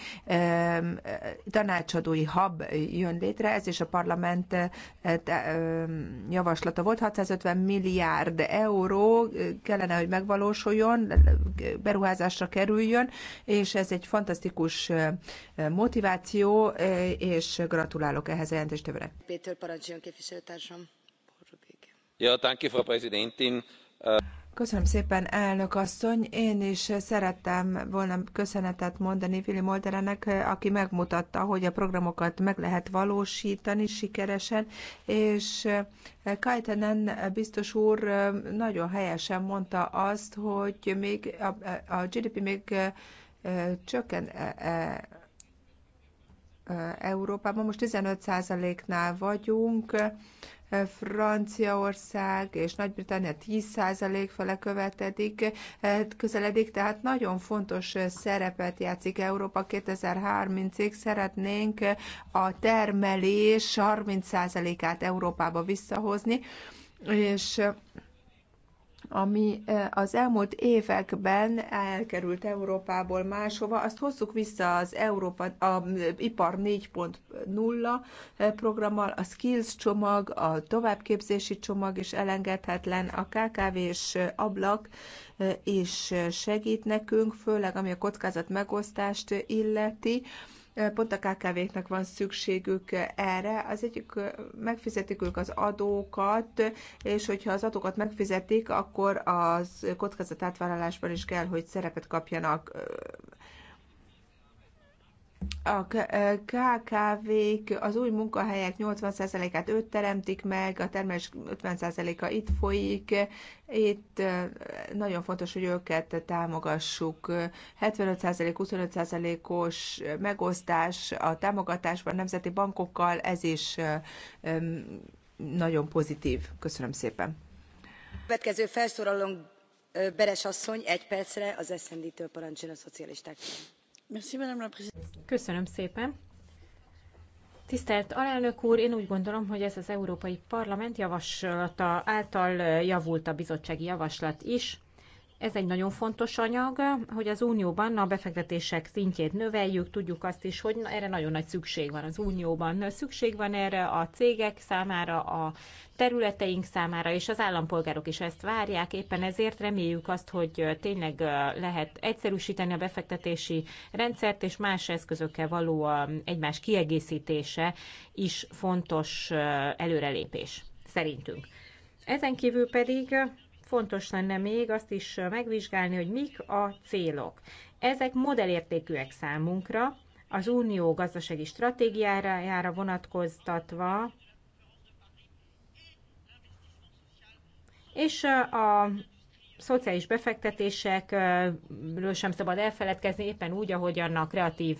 [SPEAKER 3] tanácsadói hub jön létre. Ez is a parlament javaslata volt. 650 milliárd euró kellene, hogy megvan megvalósuljon, beruházásra kerüljön, és ez egy fantasztikus motiváció, és gratulálok ehhez a jelentéstevőre. Péter parancsoljon
[SPEAKER 4] képviselőtársam. Ja, danke, Frau Präsidentin.
[SPEAKER 3] Köszönöm szépen, elnök asszony. Én is szerettem volna köszönetet mondani Vili Molderenek, aki megmutatta, hogy a programokat meg lehet valósítani sikeresen, és Kajtenen biztos úr nagyon helyesen mondta azt, hogy még a, a GDP még e, csökken e, e, Európában. Most 15%-nál vagyunk, Franciaország és Nagy-Britannia 10% fele követedik, e, közeledik, tehát nagyon fontos szerepet játszik Európa 2030-ig. Szeretnénk a termelés 30%-át Európába visszahozni, és ami e, az elmúlt években elkerült Európából máshova, azt hozzuk vissza az Európa, a Ipar 4.0 e, programmal, a Skills csomag, a továbbképzési csomag is elengedhetetlen, a KKV-s ablak e, is segít nekünk, főleg ami a kockázat megosztást illeti, pont a KKV-knak van szükségük erre. Az egyik, megfizetik ők az adókat, és hogyha az adókat megfizetik, akkor az kockázatátvállalásban is kell, hogy szerepet kapjanak a KKV-k az új munkahelyek 80%-át őt teremtik meg, a termelés 50%-a itt folyik, itt nagyon fontos, hogy őket támogassuk. 75%-25%-os megosztás a támogatásban nemzeti bankokkal, ez is nagyon pozitív. Köszönöm szépen.
[SPEAKER 4] A Következő felszólalónk Beres asszony, egy percre az SZND-től parancsol a szocialisták.
[SPEAKER 1] Köszönöm szépen.
[SPEAKER 4] Tisztelt alelnök
[SPEAKER 1] úr, én úgy gondolom, hogy ez az Európai Parlament javaslata által javult a bizottsági javaslat is. Ez egy nagyon fontos anyag, hogy az Unióban a befektetések szintjét növeljük, tudjuk azt is, hogy erre nagyon nagy szükség van az Unióban. Szükség van erre a cégek számára, a területeink számára, és az állampolgárok is ezt várják. Éppen ezért reméljük azt, hogy tényleg lehet egyszerűsíteni a befektetési rendszert, és más eszközökkel való egymás kiegészítése is fontos előrelépés szerintünk. Ezen kívül pedig fontos lenne még azt is megvizsgálni, hogy mik a célok. Ezek modellértékűek számunkra, az unió gazdasági stratégiájára vonatkoztatva, és a szociális befektetésekről sem szabad elfeledkezni, éppen úgy, ahogyan a kreatív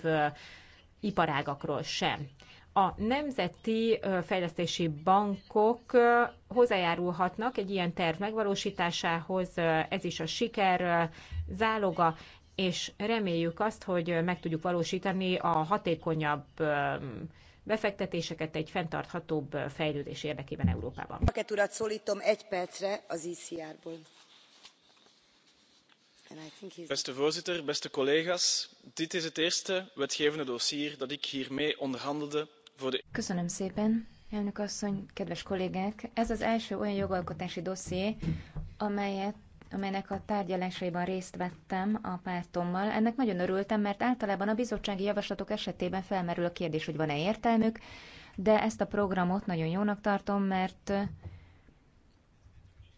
[SPEAKER 1] iparágakról sem a nemzeti fejlesztési bankok hozzájárulhatnak egy ilyen terv megvalósításához, ez is a siker záloga, és reméljük azt, hogy meg tudjuk valósítani a hatékonyabb befektetéseket egy fenntarthatóbb fejlődés érdekében Európában.
[SPEAKER 4] Paket urat szólítom egy percre az ICR-ból. Beste voorzitter, beste collega's,
[SPEAKER 3] dit is het eerste wetgevende dossier dat ik hiermee onderhandelde
[SPEAKER 2] Köszönöm szépen, elnök asszony, kedves kollégák! Ez az első olyan jogalkotási dosszié, amelyet amelynek a tárgyalásaiban részt vettem a pártommal. Ennek nagyon örültem, mert általában a bizottsági javaslatok esetében felmerül a kérdés, hogy van-e értelmük, de ezt a programot nagyon jónak tartom, mert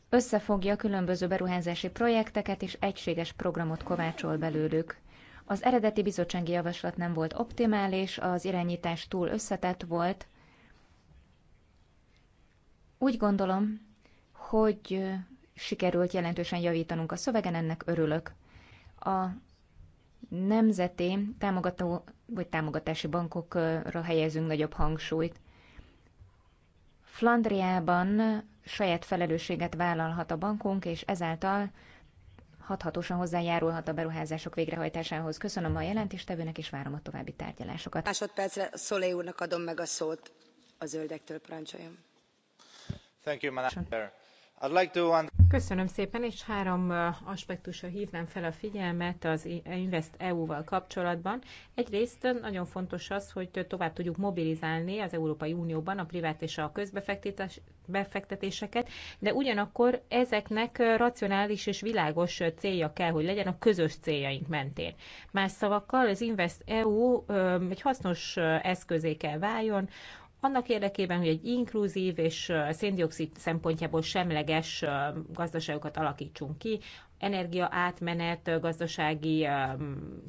[SPEAKER 2] összefogja a különböző beruházási projekteket, és egységes programot kovácsol belőlük. Az eredeti bizottsági javaslat nem volt optimális, az irányítás túl összetett volt. Úgy gondolom, hogy sikerült jelentősen javítanunk a szövegen, ennek örülök. A nemzeti támogató vagy támogatási bankokra helyezünk nagyobb hangsúlyt. Flandriában saját felelősséget vállalhat a bankunk, és ezáltal hathatósan hozzájárulhat a beruházások végrehajtásához. Köszönöm a
[SPEAKER 4] jelentéstevőnek, és várom a további tárgyalásokat. Másodpercre Szolé úrnak adom meg a szót a zöldektől, parancsoljon. Thank you, Madam
[SPEAKER 1] Köszönöm szépen, és három aspektusra hívnám fel a figyelmet az Invest EU-val kapcsolatban. Egyrészt nagyon fontos az, hogy tovább tudjuk mobilizálni az Európai Unióban a privát és a közbefektetéseket, de ugyanakkor ezeknek racionális és világos célja kell, hogy legyen a közös céljaink mentén. Más szavakkal az Invest EU egy hasznos eszközé kell váljon annak érdekében, hogy egy inkluzív és széndiokszid szempontjából semleges gazdaságokat alakítsunk ki, energia átmenet, gazdasági,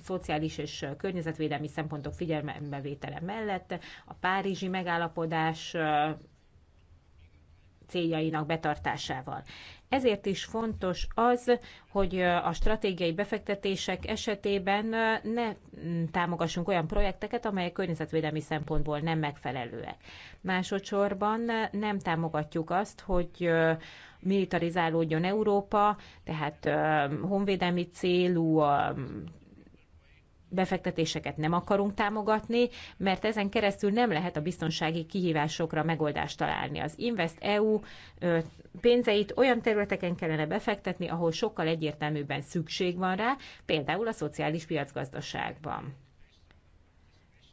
[SPEAKER 1] szociális és környezetvédelmi szempontok figyelmebevétele mellett, a Párizsi megállapodás céljainak betartásával. Ezért is fontos az, hogy a stratégiai befektetések esetében ne támogassunk olyan projekteket, amelyek környezetvédelmi szempontból nem megfelelőek. Másodszorban nem támogatjuk azt, hogy militarizálódjon Európa, tehát honvédelmi célú befektetéseket nem akarunk támogatni, mert ezen keresztül nem lehet a biztonsági kihívásokra megoldást találni. Az Invest EU pénzeit olyan területeken kellene befektetni, ahol sokkal egyértelműbben szükség van rá, például a szociális piacgazdaságban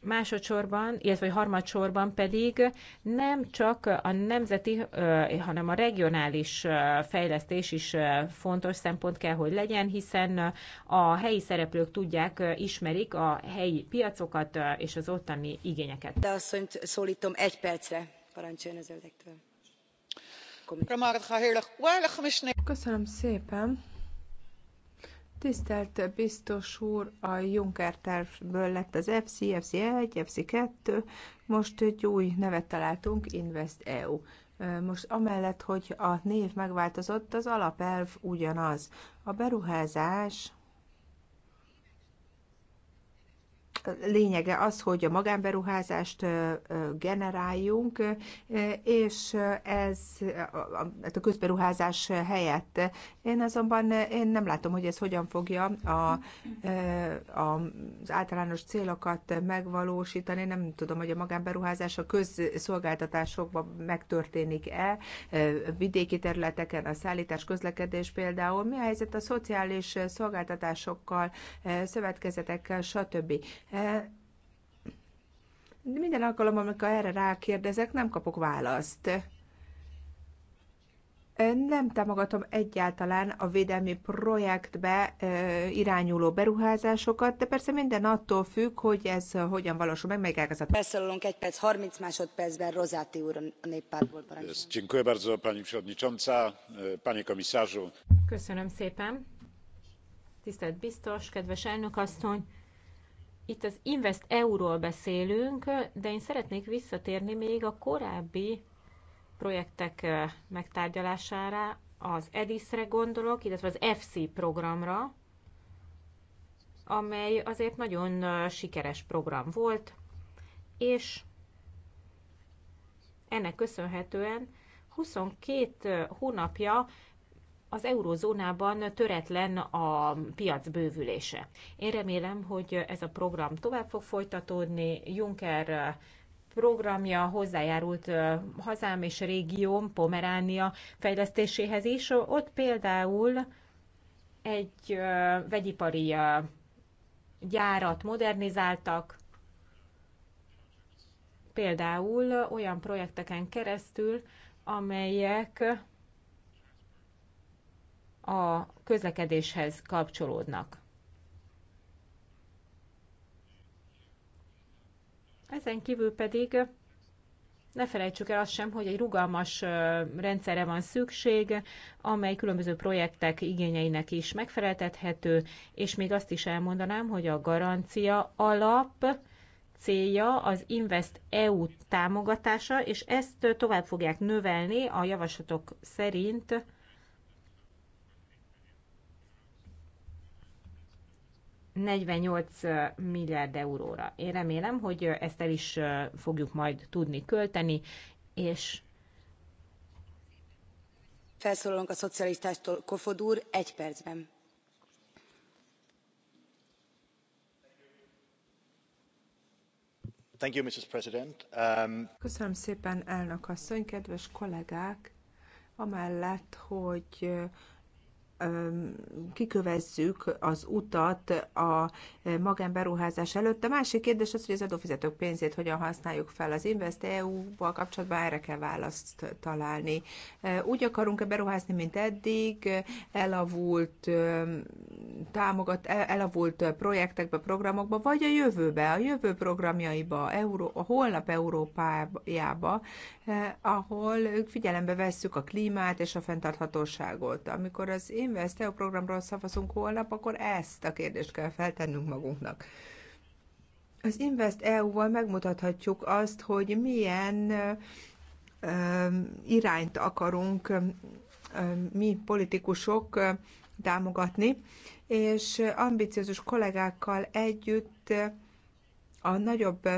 [SPEAKER 1] másodszorban, illetve harmadsorban pedig nem csak a nemzeti, hanem a regionális fejlesztés is fontos szempont kell, hogy legyen, hiszen a helyi szereplők tudják, ismerik a helyi piacokat és az ottani igényeket.
[SPEAKER 4] De asszonyt szólítom
[SPEAKER 1] egy percre,
[SPEAKER 3] parancsoljon az elektről. Köszönöm szépen. Tisztelt biztos úr, a Juncker tervből lett az FC, FC1, FC2, most egy új nevet találtunk, Invest EU. Most amellett, hogy a név megváltozott, az alapelv ugyanaz. A beruházás lényege az, hogy a magánberuházást generáljunk, és ez hát a közberuházás helyett. Én azonban én nem látom, hogy ez hogyan fogja a, a, az általános célokat megvalósítani. Nem tudom, hogy a magánberuházás a közszolgáltatásokban megtörténik-e, vidéki területeken, a szállítás közlekedés például. Mi a helyzet a szociális szolgáltatásokkal, szövetkezetekkel, stb. E, de Minden alkalommal, amikor erre rákérdezek, nem kapok választ. E, nem támogatom egyáltalán a védelmi projektbe e, irányuló beruházásokat, de persze minden attól függ, hogy ez hogyan valósul meg, melyik ágazat.
[SPEAKER 4] Beszólunk egy perc, 30 másodpercben Rozáti úr a néppártból
[SPEAKER 2] parancsolja.
[SPEAKER 1] Köszönöm szépen. Tisztelt biztos, kedves elnök asszony, itt az Invest EU-ról beszélünk, de én szeretnék visszatérni még a korábbi projektek megtárgyalására, az EDIS-re gondolok, illetve az FC programra, amely azért nagyon sikeres program volt, és ennek köszönhetően 22 hónapja az Eurózónában töretlen a piac bővülése. Én remélem, hogy ez a program tovább fog folytatódni. Juncker programja hozzájárult hazám és régióm, Pomeránia fejlesztéséhez is. Ott például egy vegyipari gyárat modernizáltak, például olyan projekteken keresztül, amelyek a közlekedéshez kapcsolódnak. Ezen kívül pedig ne felejtsük el azt sem, hogy egy rugalmas rendszerre van szükség, amely különböző projektek igényeinek is megfeleltethető, és még azt is elmondanám, hogy a garancia alap célja az Invest EU támogatása, és ezt tovább fogják növelni a javaslatok szerint 48 milliárd euróra. Én remélem, hogy ezt el is fogjuk majd tudni költeni,
[SPEAKER 4] és felszólalunk a szocialistástól. kofod úr egy percben. You, um...
[SPEAKER 3] Köszönöm szépen, elnök asszony, kedves kollégák! Amellett, hogy kikövezzük az utat a magánberuházás előtt. A másik kérdés az, hogy az adófizetők pénzét hogyan használjuk fel. Az InvestEU-val kapcsolatban erre kell választ találni. Úgy akarunk-e beruházni, mint eddig, elavult, támogat, elavult projektekbe, programokba, vagy a jövőbe, a jövő programjaiba, a holnap Európájába, ahol figyelembe vesszük a klímát és a fenntarthatóságot. Amikor az én ezt a programról szavazunk holnap, akkor ezt a kérdést kell feltennünk magunknak. Az Invest EU-val megmutathatjuk azt, hogy milyen irányt akarunk mi politikusok támogatni, és ambiciózus kollégákkal együtt a nagyobb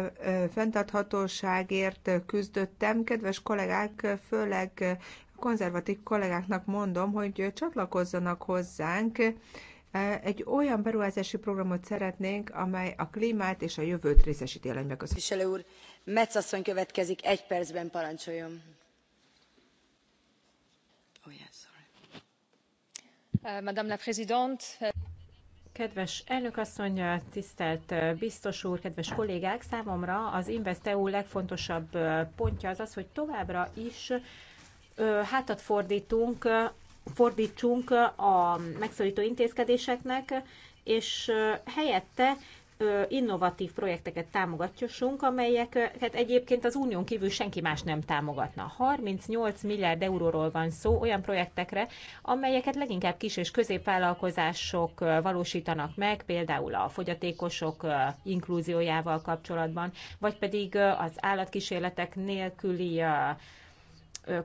[SPEAKER 3] fenntarthatóságért küzdöttem. Kedves kollégák, főleg konzervatív kollégáknak mondom, hogy csatlakozzanak hozzánk. E, egy olyan beruházási programot szeretnénk, amely a klímát és a jövőt részesíti előnybe. Viselő úr, Metz következik, egy percben
[SPEAKER 4] parancsoljon. Oh, yes, sorry.
[SPEAKER 1] Uh, Madame la Présidente, Kedves elnökasszony, tisztelt uh, biztos úr, kedves kollégák, számomra az InvestEU legfontosabb uh, pontja az az, hogy továbbra is hátat fordítunk, fordítsunk a megszorító intézkedéseknek, és helyette innovatív projekteket támogatjuk, amelyeket egyébként az unión kívül senki más nem támogatna. 38 milliárd euróról van szó olyan projektekre, amelyeket leginkább kis és középvállalkozások valósítanak meg, például a fogyatékosok inklúziójával kapcsolatban, vagy pedig az állatkísérletek nélküli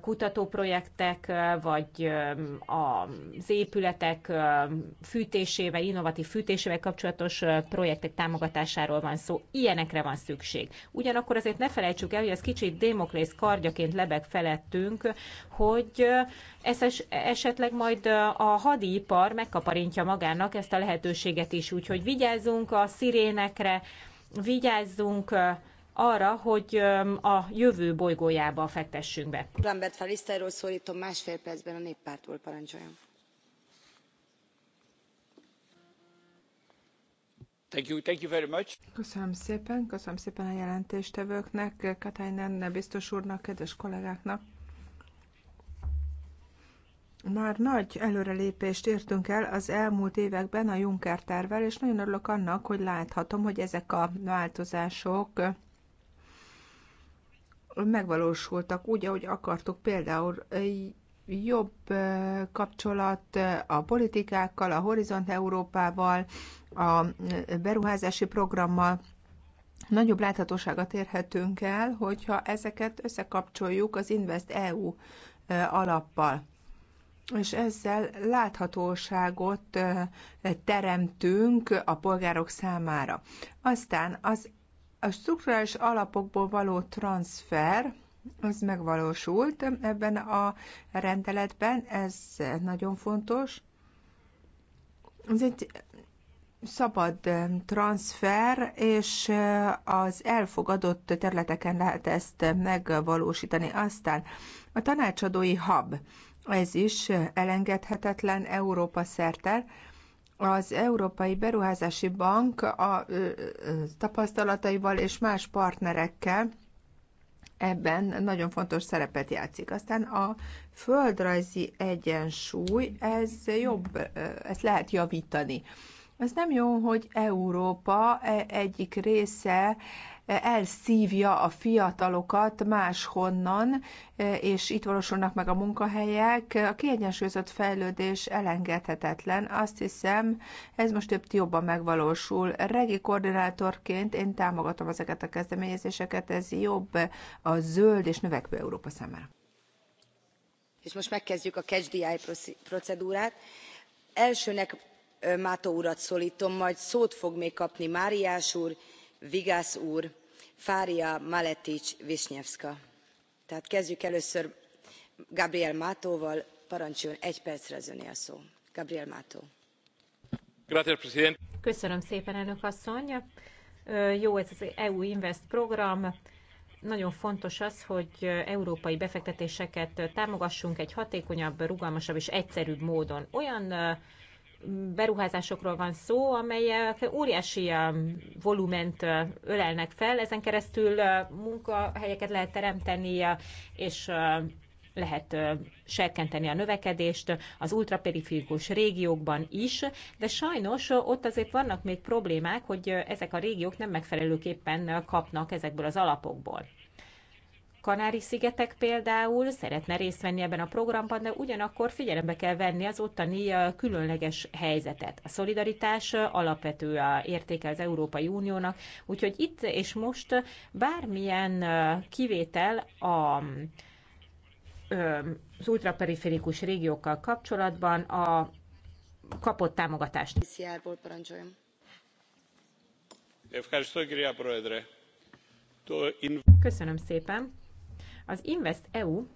[SPEAKER 1] kutatóprojektek, vagy az épületek fűtésével, innovatív fűtésével kapcsolatos projektek támogatásáról van szó. Ilyenekre van szükség. Ugyanakkor azért ne felejtsük el, hogy ez kicsit démoklész kardjaként lebeg felettünk, hogy ez esetleg majd a hadipar megkaparintja magának ezt a lehetőséget is, úgyhogy vigyázzunk a szirénekre, vigyázzunk arra, hogy a jövő bolygójába
[SPEAKER 4] fektessünk be. Lambert Falisztáról szólítom másfél percben a néppártól parancsoljon.
[SPEAKER 1] Thank you, thank you very
[SPEAKER 3] much. Köszönöm szépen, köszönöm szépen a jelentéstevőknek, Katainen biztos úrnak, kedves kollégáknak. Már nagy előrelépést értünk el az elmúlt években a Juncker tervvel, és nagyon örülök annak, hogy láthatom, hogy ezek a változások megvalósultak úgy, ahogy akartuk, például jobb kapcsolat a politikákkal, a Horizont Európával, a beruházási programmal, nagyobb láthatóságot érhetünk el, hogyha ezeket összekapcsoljuk az Invest EU alappal. És ezzel láthatóságot teremtünk a polgárok számára. Aztán az a strukturális alapokból való transfer, az megvalósult ebben a rendeletben, ez nagyon fontos. Ez egy szabad transfer, és az elfogadott területeken lehet ezt megvalósítani. Aztán a tanácsadói hub, ez is elengedhetetlen Európa szerte az Európai Beruházási Bank a tapasztalataival és más partnerekkel ebben nagyon fontos szerepet játszik. Aztán a földrajzi egyensúly, ez jobb, ezt lehet javítani. Ez nem jó, hogy Európa e-, egyik része elszívja a fiatalokat máshonnan, e, és itt valósulnak meg a munkahelyek. A kiegyensúlyozott fejlődés elengedhetetlen. Azt hiszem, ez most több jobban megvalósul. Regi koordinátorként én támogatom ezeket a kezdeményezéseket, ez jobb a zöld és növekvő Európa számára.
[SPEAKER 4] És most megkezdjük a catch the eye procedúrát. Elsőnek Mátó urat szólítom, majd szót fog még kapni Máriás úr, Vigász úr, faria maleti visnyevska tehát kezdjük először gabriel matóval parancsoljon egy percre az öné a szó. gabriel mato. köszönöm szépen elnök asszony
[SPEAKER 1] jó ez az eu invest program nagyon fontos az, hogy európai befektetéseket támogassunk egy hatékonyabb, rugalmasabb és egyszerűbb módon. Olyan beruházásokról van szó, amelyek óriási volument ölelnek fel, ezen keresztül munkahelyeket lehet teremteni, és lehet serkenteni a növekedést az ultraperiférikus régiókban is, de sajnos ott azért vannak még problémák, hogy ezek a régiók nem megfelelőképpen kapnak ezekből az alapokból. Kanári-szigetek például szeretne részt venni ebben a programban, de ugyanakkor figyelembe kell venni az ottani különleges helyzetet. A szolidaritás alapvető értéke az Európai Uniónak, úgyhogy itt és most bármilyen kivétel a az ultraperiférikus régiókkal kapcsolatban a kapott támogatást. Köszönöm szépen. Az Invest EU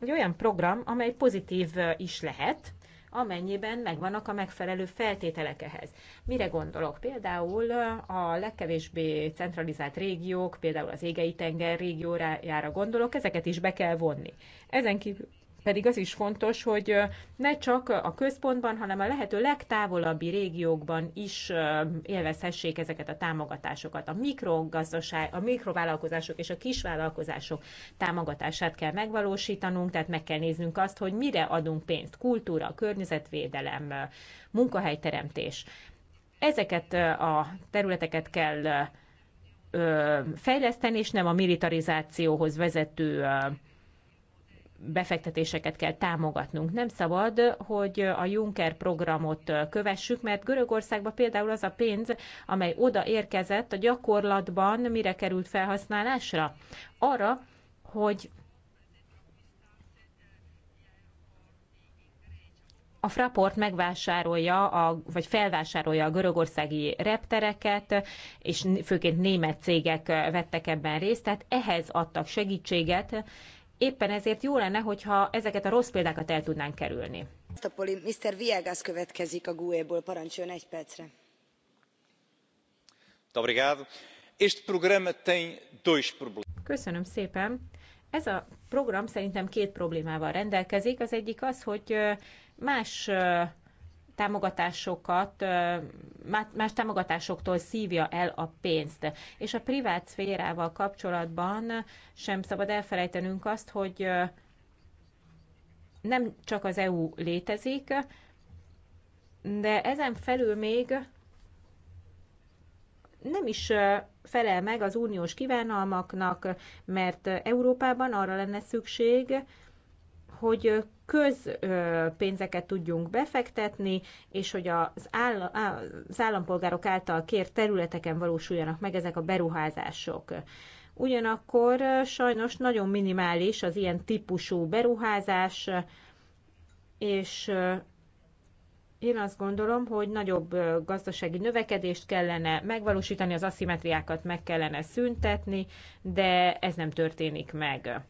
[SPEAKER 1] egy olyan program, amely pozitív is lehet, amennyiben megvannak a megfelelő feltételek ehhez. Mire gondolok? Például a legkevésbé centralizált régiók, például az égei tenger régiójára gondolok, ezeket is be kell vonni. Ezen kívül pedig az is fontos, hogy ne csak a központban, hanem a lehető legtávolabbi régiókban is élvezhessék ezeket a támogatásokat. A, mikrogazdaság, a mikrovállalkozások és a kisvállalkozások támogatását kell megvalósítanunk, tehát meg kell néznünk azt, hogy mire adunk pénzt. Kultúra, környezetvédelem, munkahelyteremtés. Ezeket a területeket kell fejleszteni, és nem a militarizációhoz vezető befektetéseket kell támogatnunk. Nem szabad, hogy a Juncker programot kövessük, mert Görögországban például az a pénz, amely oda érkezett, a gyakorlatban mire került felhasználásra? Arra, hogy a Fraport megvásárolja, a, vagy felvásárolja a görögországi reptereket, és főként német cégek vettek ebben részt, tehát ehhez adtak segítséget, Éppen ezért jó lenne, hogyha ezeket a rossz példákat el tudnánk kerülni.
[SPEAKER 4] Mr. Viegas következik a GUE-ból, parancsoljon egy percre. Köszönöm szépen.
[SPEAKER 1] Ez a program szerintem két problémával rendelkezik. Az egyik az, hogy más támogatásokat, más támogatásoktól szívja el a pénzt. És a privát szférával kapcsolatban sem szabad elfelejtenünk azt, hogy nem csak az EU létezik, de ezen felül még nem is felel meg az uniós kívánalmaknak, mert Európában arra lenne szükség, hogy közpénzeket tudjunk befektetni, és hogy az, áll, az állampolgárok által kért területeken valósuljanak meg ezek a beruházások. Ugyanakkor sajnos nagyon minimális az ilyen típusú beruházás, és én azt gondolom, hogy nagyobb gazdasági növekedést kellene megvalósítani, az aszimetriákat meg kellene szüntetni, de ez nem történik meg.